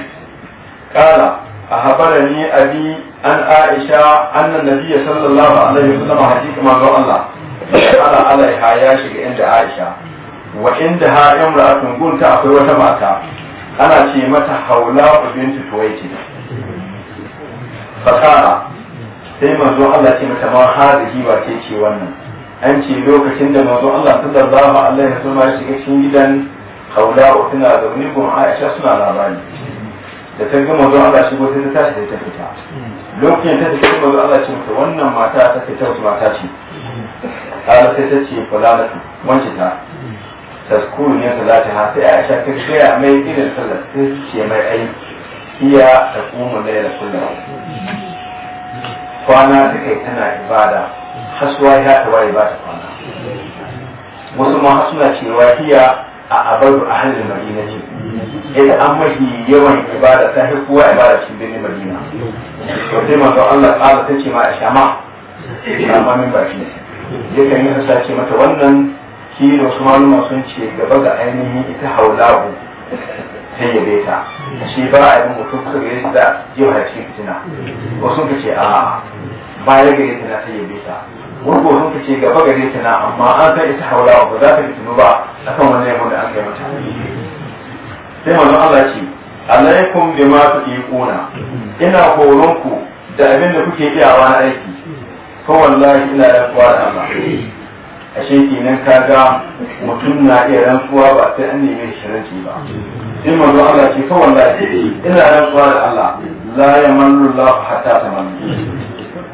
kala a habara ni abi an aisha annan nabi sallallahu alaihi wa sallam hadisi ma ga Allah Kala Allah ya haya shi ga inda aisha wa inda ha imra'atun gunta akwai wata mata ana ce mata haula binti tuwaiti Fasara sai manzo Allah ce mata ma hadihi ba ce ce wannan an ce lokacin da manzo Allah sallallahu alaihi wasallam ya shiga cikin gidan haula tana zaune gun Aisha suna labari da ta ga manzo Allah shigo sai ta tashi ta fita lokacin ta tafi manzo Allah ce mata wannan mata ta fita wata mata ce kala sai ta ce fulanatu wance ta taskuru ne salati ha sai Aisha ta ga mai gidan sallar sai ce mai aiki hiya ta kuma laila kullum kwana ta kai tana ibada hasuwa ya ta waye ba ta kwana wasu ma suna cewa a abadu a halin madina ce ita an mafi yawan ibada ta fi kowa ibada cikin birnin madina to sai Allah ƙara ta ce ma a shama shama min baki yakan yi hasa ce mata wannan kilo su maluma sun ce gaba ga ainihin ita haulabu sai ya beta shi ba a yi mutum ka gare shi da yau da cikin fitina wasu ka ce a baya gare ta na sai ya beta wani sun ce gaba gare ta na amma an san ita haula ba za ta fitinu ba akan wannan yabo da an kai mata sai manzon Allah ce alaikum bima tuqiquna ina horon ku da abin da kuke iyawa na aiki ko wallahi ina da kwara Allah ashe kenan ga mutum na iya rantsuwa ba sai an nemi shirki ba sai manzo Allah ce fa wallahi ina rantsuwa da Allah la yamallu Allah hatta tamallu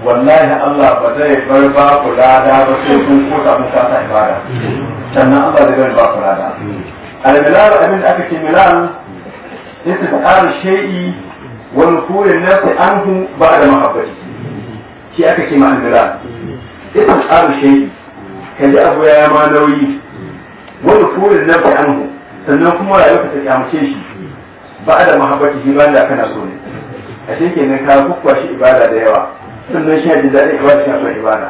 wallahi Allah ba zai bar ba ku lada ba sai kun kota mun ta ibada sannan Allah zai bar ba ku lada al-bilal amin aka ce milal istiqar shay'i wal kurin nafsi anhu ba'da mahabbati shi aka ce ma al-bilal istiqar shay'i ka abu ya ma nauyi wani furin na bai anhu sannan kuma rayuwa ya mace shi ba da mahabbaci shi ba da kana so ne a shi kenan ka kukwa shi ibada da yawa sannan shi ji daɗin ibada shi a ibada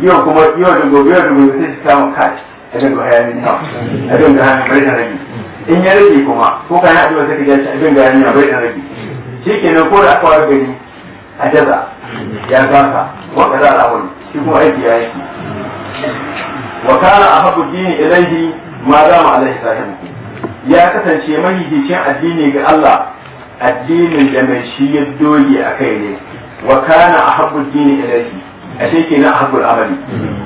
yau kuma yau da gobe yau da gobe sai shi samu kai a dinga hayanin yawa a dinga hayanin bai da rage in ya rage kuma ko kayan addu'a sai ka ji a dinga hayanin yawa bai da rage shi kenan ko da aka wara gani a jaza ya gasa wa kaza al'amari shi kuma aiki ya yi wa kana ahabbu dini ilaihi ma dama alaihi sahibi ya kasance mahihicin addini ga Allah addinin da mai shi ya doge a kai ne wa kana ahabbu dini ilaihi a shi kenan ahabbu amali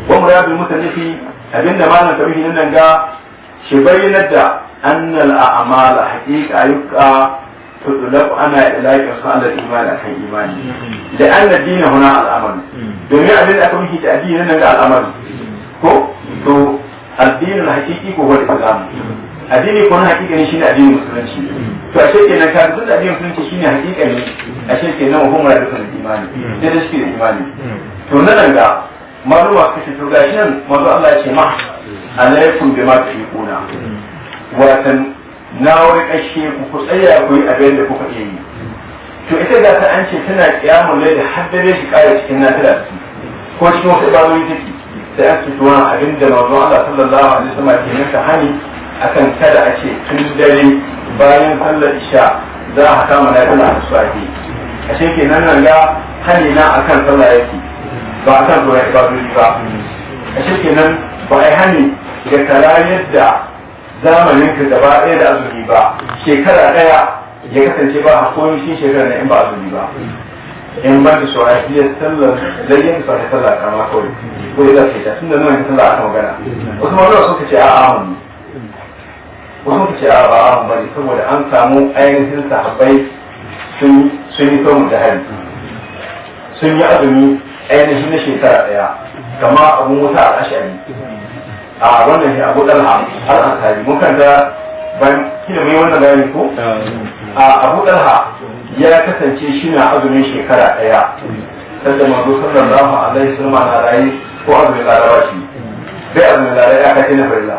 wa muradul mutanifi abinda malam tabihi nan ga shi bayyanar da annal a'mala haqiqa yuqa tudlab ana ilaika salal imani akan imani da anna domin addini ko to addinin hakiki ko wani islam addini ko na hakika ne shine addinin musulunci to ashe kenan ka duk addinin musulunci shine hakika ne ashe kenan wa kuma da imani sai da shi da imani to nan ga maruwa kace to gashi nan manzo Allah ya ce ma alaikum bima tuquna watan na wani kashe ku ku tsaya ku yi abin da kuka yi to ita da ta an ce tana kiyamun da haddare shi kare cikin nafila ko cikin wasu ibadoyi take sai ake tuwa abin da mazan Allah sallallahu alaihi wasallam ke masa hani akan kada a ce tun dare bayan sallar isha za a kama na yana a ake a ce nan nan ga hani na akan sallah yake ba a kan zuwa zuwa ba a ce nan ba a yi hani ga karayar da zamanin ka gaba ɗaya da azumi ba shekara ɗaya ya kasance ba a koyi shi shekara na in ba azumi ba in ba ki shawahiyar sallar layyan sa ta sallar kama kawai ko ya zafi ta tun da nuna sallah aka magana wasu mawala suka ce a ahun wasu suka ce a ba ahun ba ne saboda an samu ainihin sahabbai sun yi tomu da hari sun yi azumi ainihin na shekara daya kama abu wuta a ashari a wannan shi abu dalha har an mun kanta bayan kila mai wannan bayani ko a abu dalha ya kasance shi na azumin shekara ɗaya sanda manzo sallallahu alaihi wasallam na rayi ko azumin larabawa shi bai azumin larabawa ya kace na farilla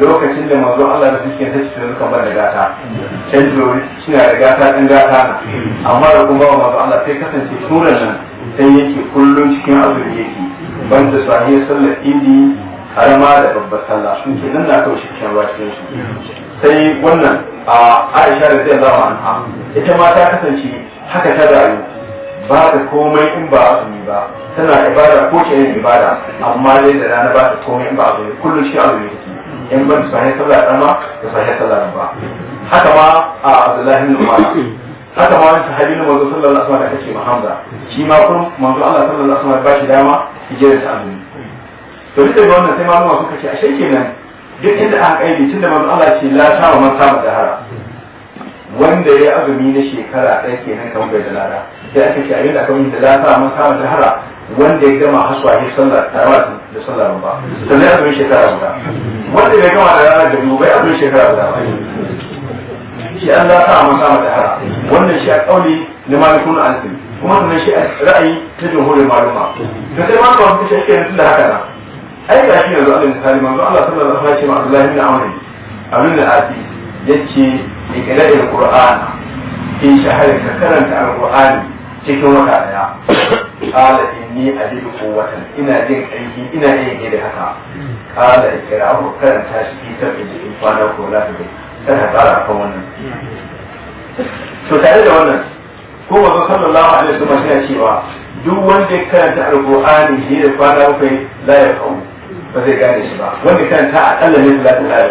lokacin da manzo Allah da cikin ta cikin kan bar da gata can shi suna da gata ɗin gata na amma da kuma manzo Allah sai kasance suran nan sai yake kullum cikin azumi yake ban da sahiyar sallar idi har ma da babbar sallah shi ke nan na kawo shi cikin cikin shi sai wannan a aisha da zai zama anha ita ma ta kasance haka ta rayu ba ta komai in ba azumi ba tana ibada ko ce yin ibada amma dai da rana ba ta komai in ba azumi kullum shi azumi take in ban sahihin sallah dan ma da sahihin sallah dan ba haka ma a abdullahi bin umar haka ma wani sahabi na manzo sallallahu alaihi wasallam kace ma hamza shi ma kun manzo Allah sallallahu alaihi wasallam ba shi dama hijira ta azumi to duk da wannan sai ma suka ce ashe kenan duk inda aka kaidi da manzo Allah ce la ta wa man sama dahara wanda ya azumi na shekara ɗaya kenan kamar bai da lada sai aka ce abinda aka yi da la ta wa man sama dahara wanda ya gama haswa shi sallah tarawa da sallah ba sannan azumin shekara guda wanda ya gama da ranar da bai azumin shekara guda ba shi an za ta amsa mata hara wannan shi a kauli na malikun alfi kuma sannan shi a ra'ayi ta jamhuriyar maluma da sai ma kawai ta shi ake da haka na yanzu alal misali manzo Allah sallallahu alaihi wasallam ya ce ma Abdullahi bin Amr abin da ati yace iqra'il qur'an in shahara ka karanta alqur'ani cikin wata daya qala inni ajidu quwwatan ina jin aiki ina yin yadda haka qala iqra'u karanta shi fi sabbi in kwana ko la ta tana tsara kan wannan to tare da wannan ko manzo sallallahu alaihi wasallam ya cewa duk wanda ya karanta alqur'ani shi da kwana bakwai la ya kawo ba zai gane shi ba wanda kan ta akalla ne da ta tsaya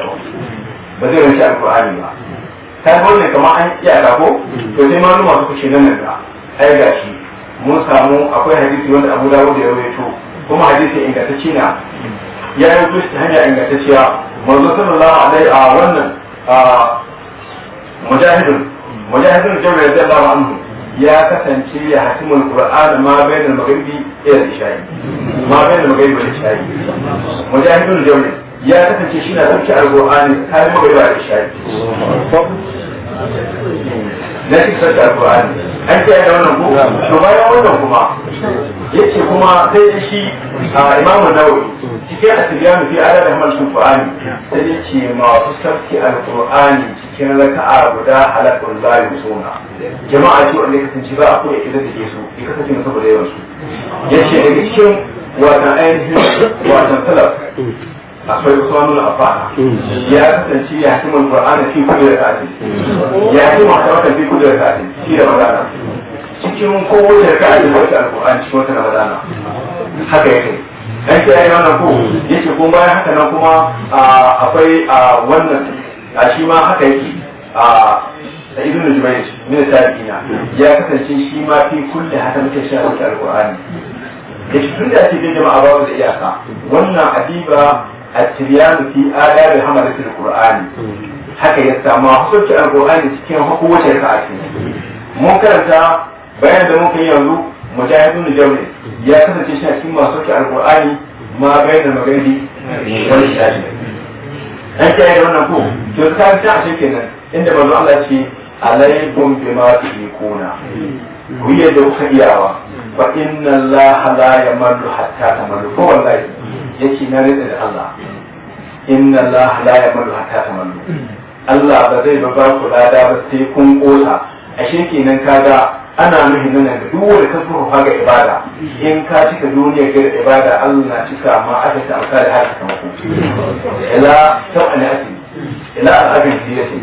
ba zai rinci alkur'ani ba ta ne kamar an iyaka ko to sai malu masu kushe nan da ai gashi mun samu akwai hadisi wanda abu dawo da ya rawaito kuma hadisi ingantacce na ya yi kusa hanya ingantacciya manzo sallallahu alaihi a wannan mujahidin mujahidin jami'a da Allah anhu ya kasance ya hatimul qur'an ma bainal maghribi da shayi ma bainal maghribi ila isha'i mujahidun jawli ya kasance shi na dauki alqur'ani kai maghribi da shayi na cikin da alkur'ani an ce da wannan ko to bayan wannan kuma yace kuma sai da shi imamu nawawi cikin asibiyan fi adad qur'ani sai ce masu sarki alƙur'ani cikin raka'a guda halakun zalim suna jama'a ce wanda ba a koya idan da ke su ya kasance musu da yawan su yace daga cikin ainihin watan akwai usman affan hmm. ya kasance ya ci man qur'ani fi kulli rak'ati hmm. ya ci man qur'ani fi kulli rak'ati shi da magana cikin kowace da rak'ati da wata alqur'ani cikin wata ramadana haka yake dan sai ai wannan ko hmm. yace ko bayan haka nan kuma akwai wannan a shi ma haka yake a ibn jubayr min tabi'ina ya kasance shi ma fi kulli haka muke shi a da shi tun da ake bin jama'a babu da iyaka wannan adiba at-tibyanu fi adabi hamalatil qur'ani haka ya samu hukunci alqur'ani cikin hukumar ka ake mun karanta bayan da muka yanzu mujahidun jawli ya kasance shi a cikin masu hukunci alqur'ani ma bayan da magani wani shafi an kiyaye da ko to ta ta shi kenan inda manzo Allah ce alaikum bima na. ku yi da kuka iyawa fa inna Allah la yamallu hatta tamallu ko wallahi yake na rida da Allah inna Allah la yamalu hatta tamallu Allah ba zai ba ba ku lada ba sai kun kosa ashe kenan kaga ana nuhin nan ga duk wanda ka ga ibada in ka cika duniyar ga ibada Allah na cika ma aka ta alƙali har ka mako ila ta'ana asiri ila al'abin siyasi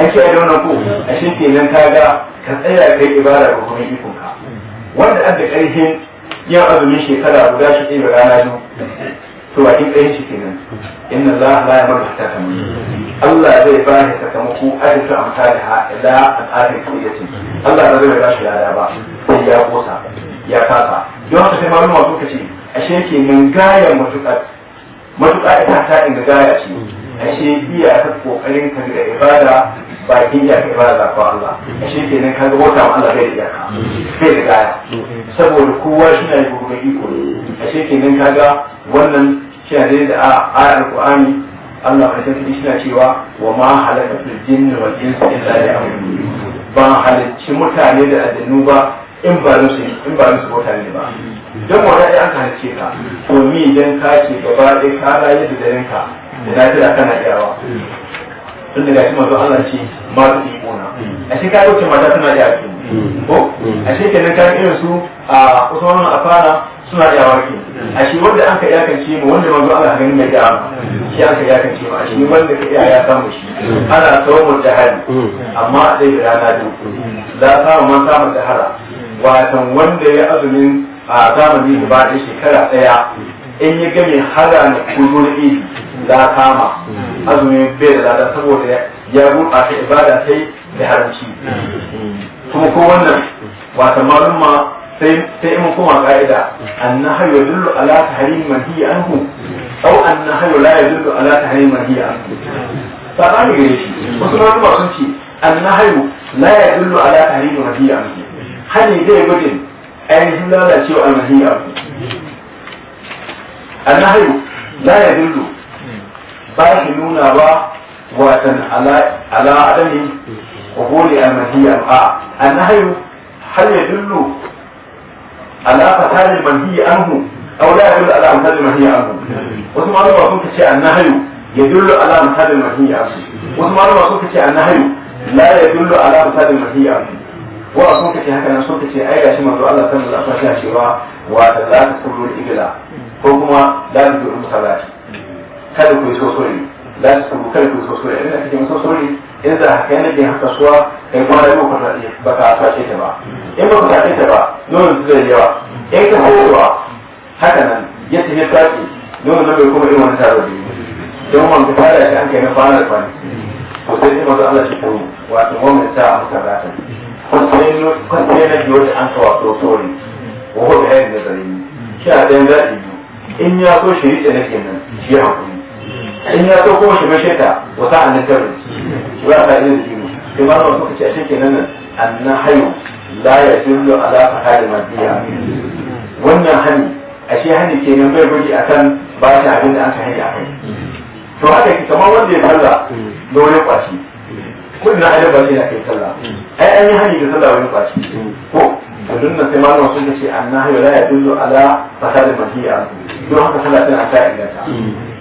an kiyaye da wannan ko ashe kenan kaga ka tsaya kai ibada ga kuma ikon ka wanda an da ƙarfin yin azumin shekara guda shi ɗaya rana biyu to a duk shi kenan inna Allah la yamar hatta ta Allah zai ba sakamako ajin amsali ha ila al'adin kuyaci Allah ba zai ba shi lada ba sai ya kosa ya kasa don haka sai malama suka ce ashe kenan gayar matuƙa ta inda gaya ce ashe biya ta kokarin ka da ibada ba kin ya ka ibada ko Allah ashe kenan ka ga wata Allah ka da gaya saboda kowa shi yi gurbin iko ashe ka ga wannan shine da ayar qur'ani Allah ya tafi shi cewa wa ma halakatul jinni wal insi illa liya'budun ba halicci mutane da addinu ba in ba su in ba su mutane ne ba dan mu dai an halicce ka to mi dan ka ce gaba dai ka rayu da daren ka da lafiya kana iyawa tunda ga shi mazo Allah ce ma su yi ona a shi ka dauke mata tana da yaki ko a shi kenan ka irin su a Usman fara. suna da waki a shi wanda an ka yakance mu wanda manzo Allah ganin mai da shi an ka yakance mu a shi wanda ka iya ya samu shi ana tsawon jahari amma dai rana za a samu man samu jahara watan wanda ya azumin a zamani da ba da shekara daya in ya game hada na ko zuwa za a kama azumin bai da lada saboda ya ta ibada sai da haramci kuma ko wannan watan malumma sai sai mun koma ka'ida annahu yadullu ala tahrim man hiya anhu aw annahu la yadullu ala tahrim man hiya anhu sabani gare shi wasu malama sun ce annahu la yadullu ala tahrim man hiya anhu hani zai gudun ainihin lalacewa almahi anhu annahu la yadullu ba shi nuna ba watan ala adami قبول المنهي أم آه النهي هل يدل ala fatalil manhi anhu aw la yadullu ala fatalil manhi anhu wasu malama sun ce annahyu yadullu ala fatalil manhi anhu wasu malama sun ce annahyu la yadullu ala fatalil manhi anhu wa sun ce haka nan sun ce ai gashi manzo Allah sallallahu alaihi wasallam cewa wa ta za ta kullu ibla ko kuma la yadullu salati kada ku yi sosori la ta kullu kada in za ka yana haka suwa kai kwana yau ba ka sace ta ba in ba ka sace ta ba nonon su zai yawa in ka haihuwa haka nan ya tafi sace nonon na bai kuma da yi don wanda an kai na to sai shi wato ta a muka zata kwanciyar na biyo da an kawo so sori wa hudu da shi a ɗayan in ya so shi rike shi in ya so kuma shi mashe ta wata annan karin shi ba ta irin jini sai ma na suka ce a shekin nan annan hayo la ya dillu ala fahari madiya wannan hani a ashe hani kenan bai guji akan ba shi abin da aka hani a kai to haka ki kamar wanda ya sallah da wani kwaci kun na alaba shi na kai sallah ai an yi hani da sallah wani kwaci ko abin nan sai malama sun ce annahu la ya dillu ala fahari madiya don haka sallah tana ta inganta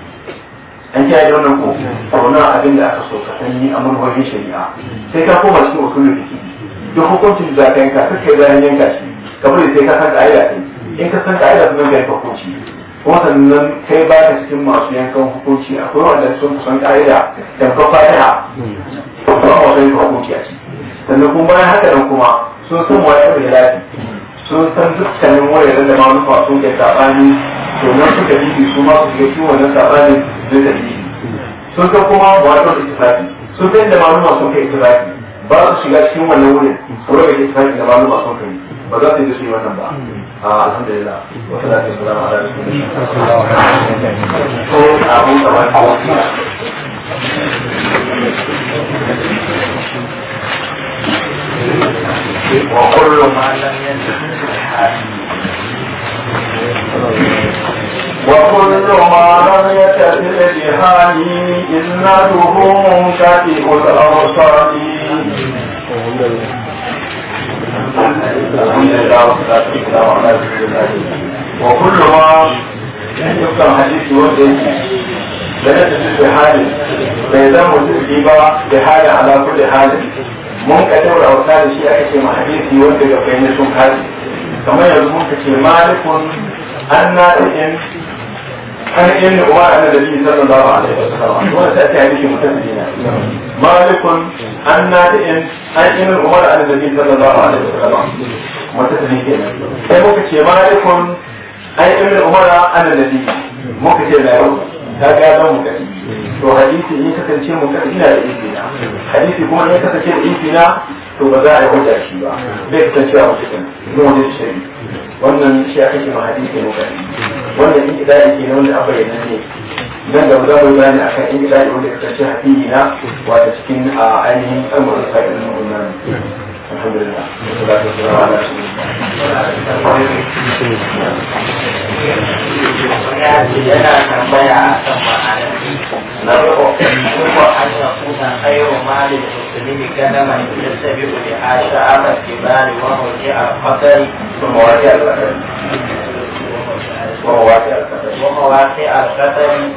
an kiyaye da wannan ko sauna abin da aka so ka san a manhajin shari'a sai ka koma cikin usulul fiqh duk hukuncin da ka yanka kake da yanka shi kamar sai ka san ka'ida kai in ka san ka'ida sunan ka yanka hukunci kuma sannan kai ba ka cikin masu yankan hukunci a kuma wanda sun san ka'ida da ka fatiha ba ma wani hukunci a ciki sannan kuma bayan haka nan kuma sun san wani abu irin lafi sun san dukkanin wuraren da manufa sun kai sabani to nan suka ji su ma su shiga cikin wannan sabanin da ta sun san kuma ba da ittifaqi sun san da manufa sun kai ittifaqi ba su shiga cikin wannan wurin su rage ittifaqi da manufa sun kai ba za su yi su yi wannan ba alhamdulillah ba وكل ما لم وكل ما لم يتصل بحال إنه منكتئ الأرصاد وكل ما لم يفهم حديث يوسف لا يتصل فإذا متصل بحال على كل حال mun ka daura wata da shi aka ce ma hadisi wanda ga kai ne sun kaji kamar yanzu mun ka ce malikun annatin kan in wa ana da biyu sallallahu alaihi wasallam wannan ta ce hadisi mutadina malikun annatin an in wa ana da biyu sallallahu alaihi wasallam mutadina kenan sai muka ce malikun an in wa ana da biyu muka ce na yau ta ga zan mu gari to hadisi in kasance mu gari ina da izina hadisi kuma in kasance da izina to ba za a yi hujja shi ba zai kasance a mutum mu wani shari wannan shi aka ce ma hadisi mu gari wannan in kida yake na wanda aka yana ne nan da za mu yi bayani akan in kida wanda kasance hadisi na wata cikin ainihin al'amuran sa'ilin mu'minan الحمد لله والصلاة والسلام على رسول الله خير مال المسلمين كلما يتسبب بها شعب الجبال وهو القتل ومواجع القتل ومواقع القتل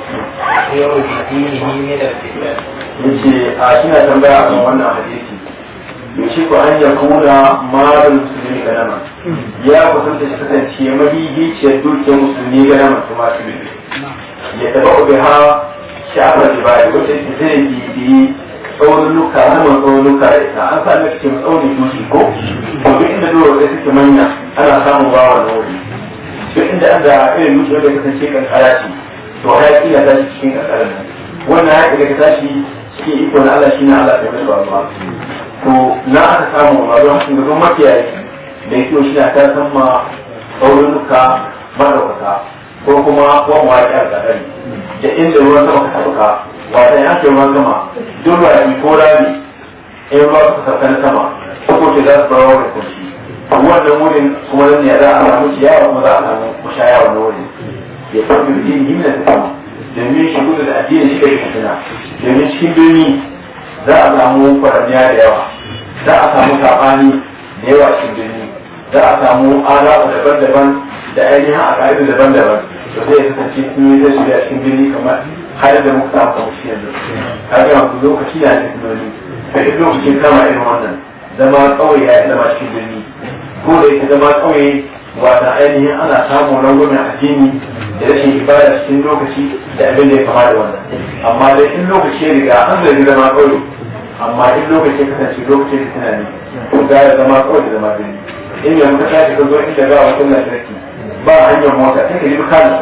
خير بدينه من الفتن. Yace a shi na tambaya a wannan hadisi يشيك أن يكون مال المسلمين غنما يا قصد الشتن تيمريه تشدل كمسلمين غنما كما تبين يتبع بها شعب الجبال وتجزي به tsaunuka naman tsaunuka da ita an sa mai cikin tsaunin duki ko to duk inda dole da suke manya ana samun ba na wuri duk inda an da irin duki wanda kasance kankara ce to hayaki na tashi cikin kankarar nan wannan hayaki da tashi cikin iko na Allah shi na Allah ta bai ba to na aka samu a lokacin da don makiyayi da yake shi na ta san ma tsaurunuka madaukaka ko kuma wani wani alƙadari da inda ruwan sama ka sauka wata ya ce ruwan sama duk rami ko rami in ruwa suka sauka na sama ko ce za su fara wani kunshi wannan wurin kuma nan ne za a samu ciyawa kuma za a samu mashaya wannan wurin ya sauke da jini na ta sama domin shi gudu da addini shi da shi domin cikin birni za a samu faramiya da yawa za a samu sabani da yawa cikin jini za a samu alaƙa daban-daban da ainihin a ƙa'idu daban-daban to zai kasance sun yi zai shiga cikin jini kamar har da muka samu kamar shi yanzu har da ku lokaci na teknoloji to duk lokacin kama irin wannan zama ƙauye ya zama cikin jini ko da yake zama ƙauye wata ainihin ana samun rangwamen addini da rashin ibada cikin lokaci da abin da ya kama da wannan amma dai in lokaci ya riga an zai zama ƙauye amma in lokacin kasance lokacin da tana ne to gara zama kawai da zama birni in yanzu ka tashi ka zo inda ga wasan lantarki ba hanyar mota sai yi kana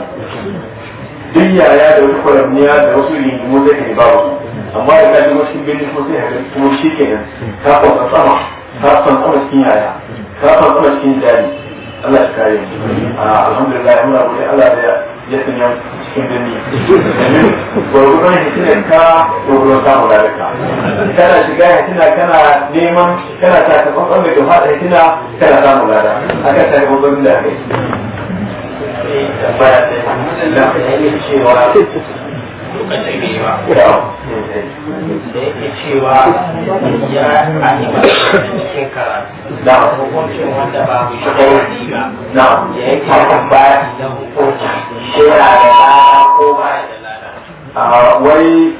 duk yaya da wata kwaramniya da wasu rigimu zai ka yi babu amma da ka shigo cikin birni ko sai haka kuma shi kenan ka kwanta sama ka kwanta cikin yaya ka kwanta cikin jari Allah ya kare mu ah, alhamdulillah muna gode Allah da ya sanya cikin birni ka gwargwadon samun lalaka kana shiga hitina kana neman kana ta ta kwakwan mai gaba da hitina kana samun lada a kan ta yi gwagwarin da aka yi lokacin da yawa da cewa hukuncin wanda ba mu shi ba da idan da lada ko ba da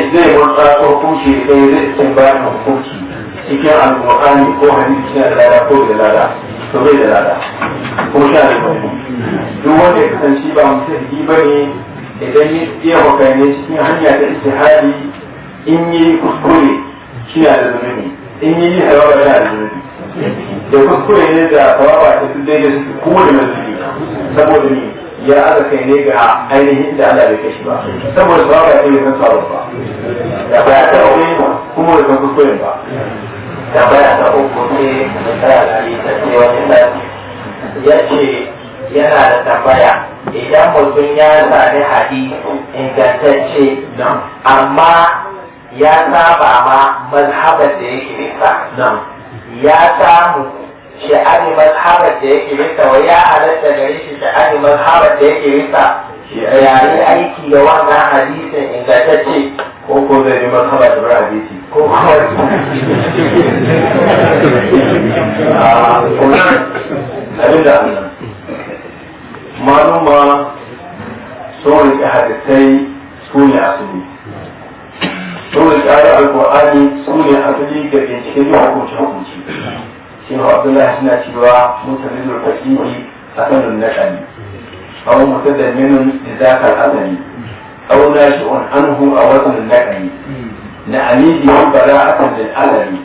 zai wata hukunci sai zai bayan hukunci cikin alƙur'ani ko hadisi na lada ko da lada to bai da lada ko sha da ba duk wanda ya kasance ba mutum ba ne idan ya iya makane cikin hanya ta istihari in yi kuskure shi na da zunubi in yi yi harawa na da zunubi da kuskure ne da tawaba ta su daidai su kowane mazuni saboda ni ya aka kai ne ga ainihin da Allah bai kashi ba saboda tawaba ta yi kan sabon ba da ba ya taɓa kuma da kan kuskure ba tambaya ta uku ne misali ta ce wani nan ya ce yana da tambaya idan mutum ya sami haɗi ingantacce amma ya saba ma mazhabar da yake bisa ya samu shi'ani mazhabar da yake bisa wa ya halatta gare shi shi'ani mazhabar da yake bisa yayi aiki da wannan hadisin ingantacce ko ko zai yi marhaba da bara hadisi ko a ah, abin da annan maluma sun rike hadisai su ne asali ayar alkur'ani su ne ga binciken da hukunci hukunci shi ne abdullahi suna cewa mutane da fasihi a a wani mutum da minun da zakar asali أو ناشئ عنه أو وزن النقل نعميد براءة للألم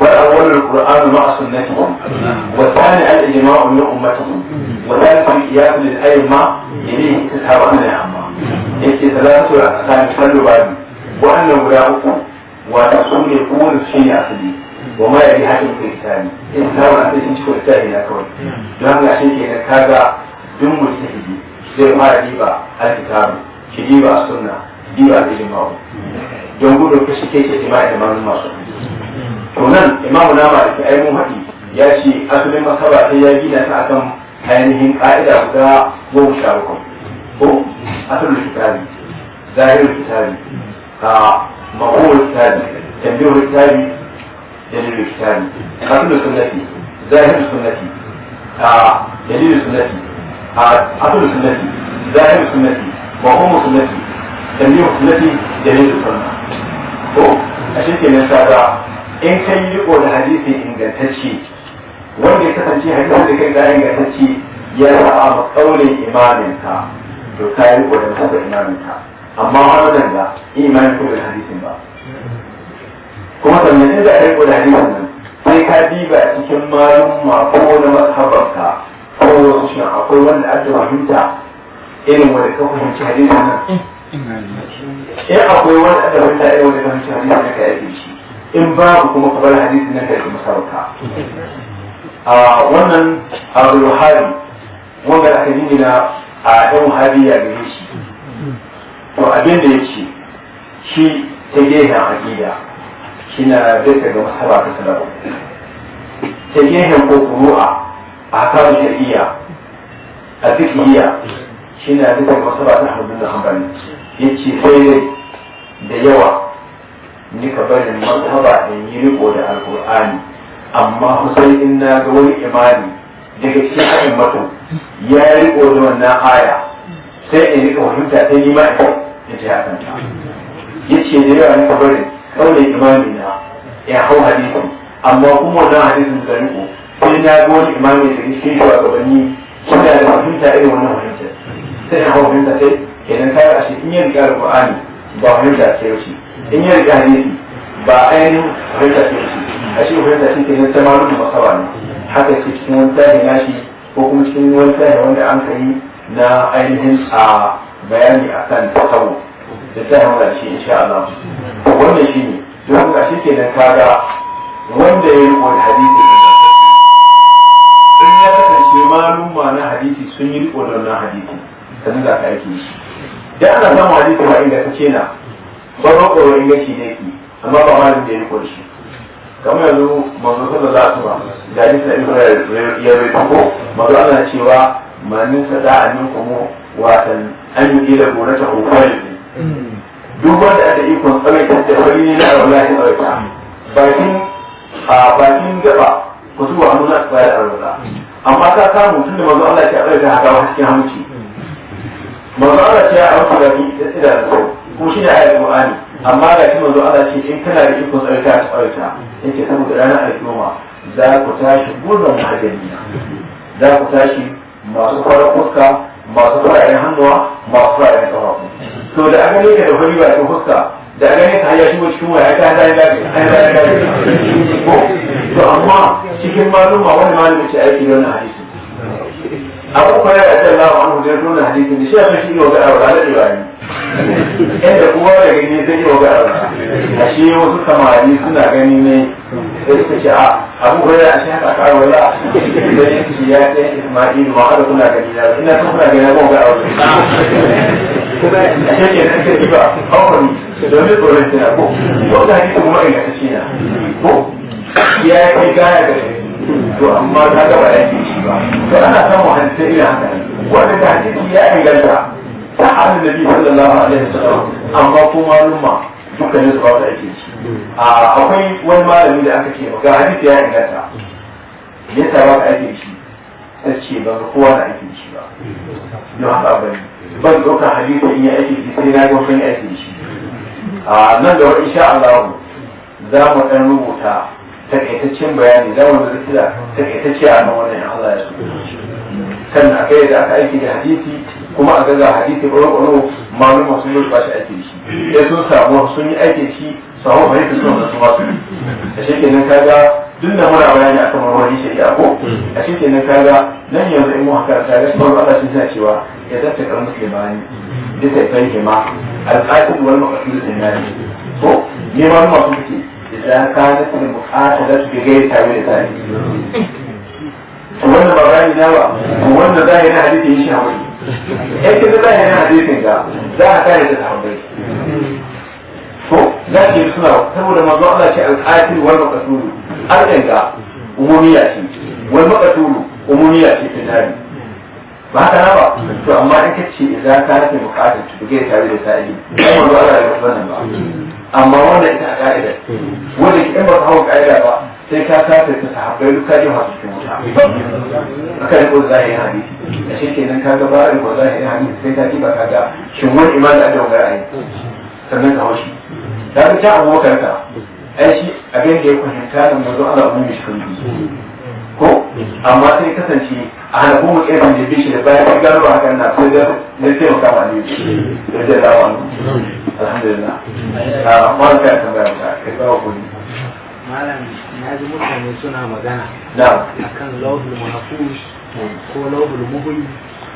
فالأول القرآن مع سنتهم والثاني الإجماع من أمتهم وذلك الإياب للأئمة إليه تسهر عن الأمة يأتي ثلاثة الأقسام كل باب وأن ولاؤكم وتصوم يكون في أصلي وما يلي هذا الإنسان إنسان أنت تنشكو الثاني لكم لم يحشيك إلى كذا دم مجتهدي zai fara diba alkitabu shi diba sunna diba da imamu don gudu ka shi kai ke jima'i da manzon masu to nan imamu na maliki ai mun haɗi ya ce asalin masaba sai ya gina ta akan ainihin ka'ida guda goma sha ko asalin kitabi zahirin kitabi ka maqul kitabi tambiyar kitabi dalil kitabi asalin sunnati zahirin sunnati ka dalil sunnati a asalin sunnati zahirin sunnati وهم سنتي تنبيه سنتي دليل السنة to a shi kenan sada in kai riko da hadisi ingantacce wanda ya kasance hadisin da kai ga ingantacce ya ra'a ma kaulin imaminka to ka yi riko da saba imaminka amma wannan da imamin ko da hadisin ba kuma sannan in za a riko da hadisin nan sai ka diba cikin malum ma ko na mazhabanka ko wasu akwai wanda aka fahimta irin wanda ka fahimci hadisi nan in akwai wani adabin da irin wanda ka fahimci hadisi nan ka yabe shi in babu kuma ka bar hadisi nan ka yabe masarauta a wannan abu hali wanda aka yi na a ɗan ya gare shi to abin da ya ce shi ta gehen aƙida shi na bisa ga masaba ta salamu ta gehen ko kuru'a a kan shari'a a zikiyya shi na nufin ba ta harbin da hambali ya ce sai dai da yawa ni ka barin mazhaba da yi riko da alkur'ani amma hussein in na ga wani imani daga cikin ayin mato ya riko da wannan aya sai in rika fahimta ta yi ma in ji hakan ya ce da yawa ni ka barin kawai imani na ya hau hadisi amma kuma wannan hadisin da riko sai na ga wani imani da cikin shugabanni suna da fahimta irin wannan fahimta sai ya hau fahimta sai kenan kaga ashe in ya riga alqur'ani ba fahimta ce wuce in ya riga hadisi ba ainihin fahimta ce wuce ashe fahimta ce kenan ta malu ba saba ne haka ce cikin wani tsari nashi ko kuma cikin wani tsari wanda an kai na ainihin a bayani a akan tasawu da tsari wanda shi in insha Allah wannan shine don ga shi kenan kaga wanda ya yi wani hadisi in ya kasance malumma na hadisi sun yi riko da wannan hadisi sannan za ka aiki shi da ana samun hadisi ma inda ta ce na ba ma koro in gaci ne ki amma ba ma da ya kori shi kamar yanzu manzo sallallahu alaihi wasallam da hadisi na ibrahim ya ko. manzo ana cewa manin sada'a minkum watan an yi da gona ta hukumar duk wanda aka ikon tsaraitar da wani ne na aulahin tsaraita bakin a bakin gaba ku zuwa nuna tsaya da arzika amma ka samu tun da mazu Allah ke ta haka wa cikin hamci manzo Allah ce a rubuta ni da tsira da ko shi da ayatul qur'ani amma da kuma manzo Allah ce in kana da iko tsarka ta tsarka yake saboda ranar alkiyama za ku tashi gurbin hajjani za ku tashi masu fara fuska masu fara'ayin hannuwa masu fara'ayin kafafu to da aka ne da hori ba ta fuska da aka ne ka haya shi cikin waya ta hanyar lafiya hanyar lafiya ko to amma cikin maluma wani malamin ce aiki da wannan hadisi abu kuma ya rajar lawa wani hujjar nuna hadisi da shi a yi yau ga aura da ibani inda kuma da gani zai yau ga aura a shi wasu samari suna gani ne da suka ce a abu kuma ya shi haka aka aura da ya shi ya ce ismail ma haka kuna gani na ina sun kuna gani ko ga aura kuma a shi ke nan sai ba kawai domin tsoron suna ko wanda hadisi kuma ingantacce na ko ya yi gaya da shi to amma ta gaba ya ce shi ba to ana samun hadisi irin haka wanda da hadisi ya inganta ta annabi sallallahu alaihi wasallam amma ko malumma dukkanin su ba su ake shi akwai wani malami da aka ce ga hadisi ya inganta ya sa ba ka ake shi ta ce ba ga kowa na ake shi ba don haka ba ban ɗauka hadisi in ya ake shi sai na ga wani ake shi nan da wa insha Allah za mu ɗan rubuta takaitaccen bayani za mu da da takaitacce a kan wannan Allah ya so sannan a kai da aka aiki da hadisi kuma a gaza hadisi wani ɓaro malu masu yi ba shi aiki shi ya sun samu sun yi aiki shi samu fahimta sun da su masu a shi kenan kaga duk da muna bayani akan wani ya ko a shi kenan kaga nan yanzu in muka karta ta ga sauran Allah shi yana cewa ya zata karan musulmani da ta fahimta ma alƙa'id wal maqsud da nani ko ne ma mu masu idan ka ga sun bukata za su ga gaita mai da tsari to wannan ba ra'ayi na ba wanda za na hadisin shi hawaye yan kinga za yana hadisin ga za a kare da sahabbai to za ki suna saboda manzo Allah ce alqatil wal maqtul alqan ga umumiya ce wal maqtul umumiya ce ta tare ba haka na ba to amma in kace idan ka ga bukata su ga gaita mai da tsari ba ya ba amma wannan ita a ka'idar wanda ki ba hawa ka'ida ba sai ka kasa ta sahabbai duk kaji masu cikin wuta A aka riko yi. hadisi da shi kenan ka ga ba a riko zahirin hadisi sai ka kiba ka ga shin wani iman da aka dogara a yi sannan ka haushi da ka ci abubakar ka ai shi abin da ya kwatanta da mazo Allah umumi shi kan ko amma sai kasance a halabu mu ban jibi shi da bayan ya garo hakan na sai da ne sai ka ma ne da da lawa alhamdulillah a wani kai bayar da kai ba ku ne malam na ji mutane suna magana da akan lawul mahfuz ko lawul muhyi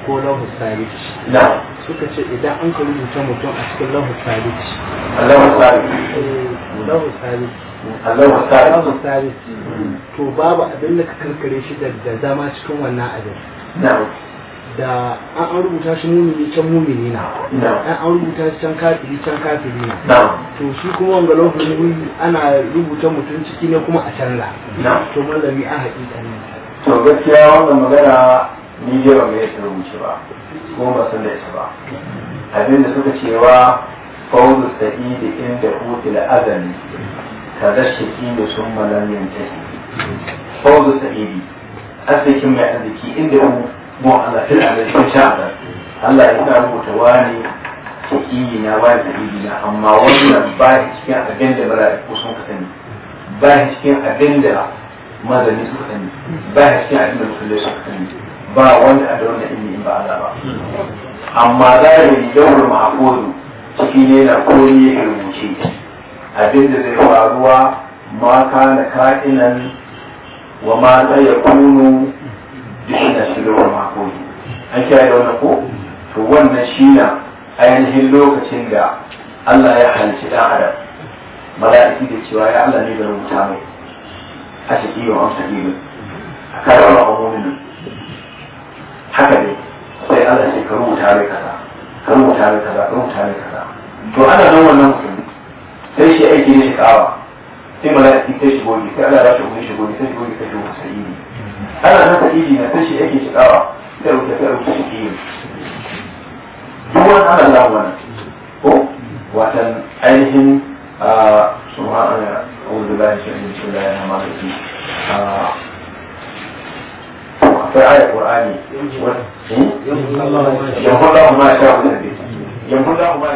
ko lawul sabit na suka ce idan an ka rubuta mutum a cikin lawul sabit Allahu sabit eh, lahu sabit alamu sabi to babu abin da ka karkare shi da zama cikin wannan abin da an an rubuta shi mumini can mumini na an an rubuta shi can kafiri can kafiri na to shi kuma wanga lokacin wuri ana rubuta mutum ciki ne kuma a canza to mallami a haƙiƙa ne to gaskiya wannan magana ni dai ba mai rubuce ba kuma ba san da ita ba abin da suka cewa fawzu sa'idi inda hutila azami kaga shaki da sun malam yantahi fawzu sa'idi arzikin mai arziki inda mu mu Allah fil arziki sha Allah Allah ya sa rubuta wani shaki na wani sa'idi na amma wannan ba shi cikin abin da bara ko sun kasani ba shi cikin abin da mazani suka sani ba shi cikin abin da musulmai suka sani ba wanda a da wanda in ba Allah ba amma za a zahiri yawon ma'akozu ciki ne na ya rubuce abin da zai faruwa ma kana ka'inan wa ma ta ya kunu duk dukkan shirwa makoli an kiyaye da wannan ko to wannan shi na ainihin lokacin da Allah ya halici ɗan adam mala'iki da cewa ya Allah ne da rubuta mai a ciki wa amsa ilin a kare karar al'ummin haka ne sai Allah ce ka rubuta mai kaza ka rubuta mai kaza ka rubuta mai kaza to ana nan wannan musulmi sai shi aiki ne shi tsawa sai mala'iki ta shi gobe sai Allah ya shi gobe shi gobe sai gobe ta shi gobe sai yi ana nan ta iji na sai shi aiki shi tsawa sai rubuta sai rubuta shi yi duk wani ana Allah wani ko watan ainihin subhanahu أعوذ بالله من بسم الله الرحمن الرحيم في آية القرآن يمحو الله ما يشاء من يمحو الله ما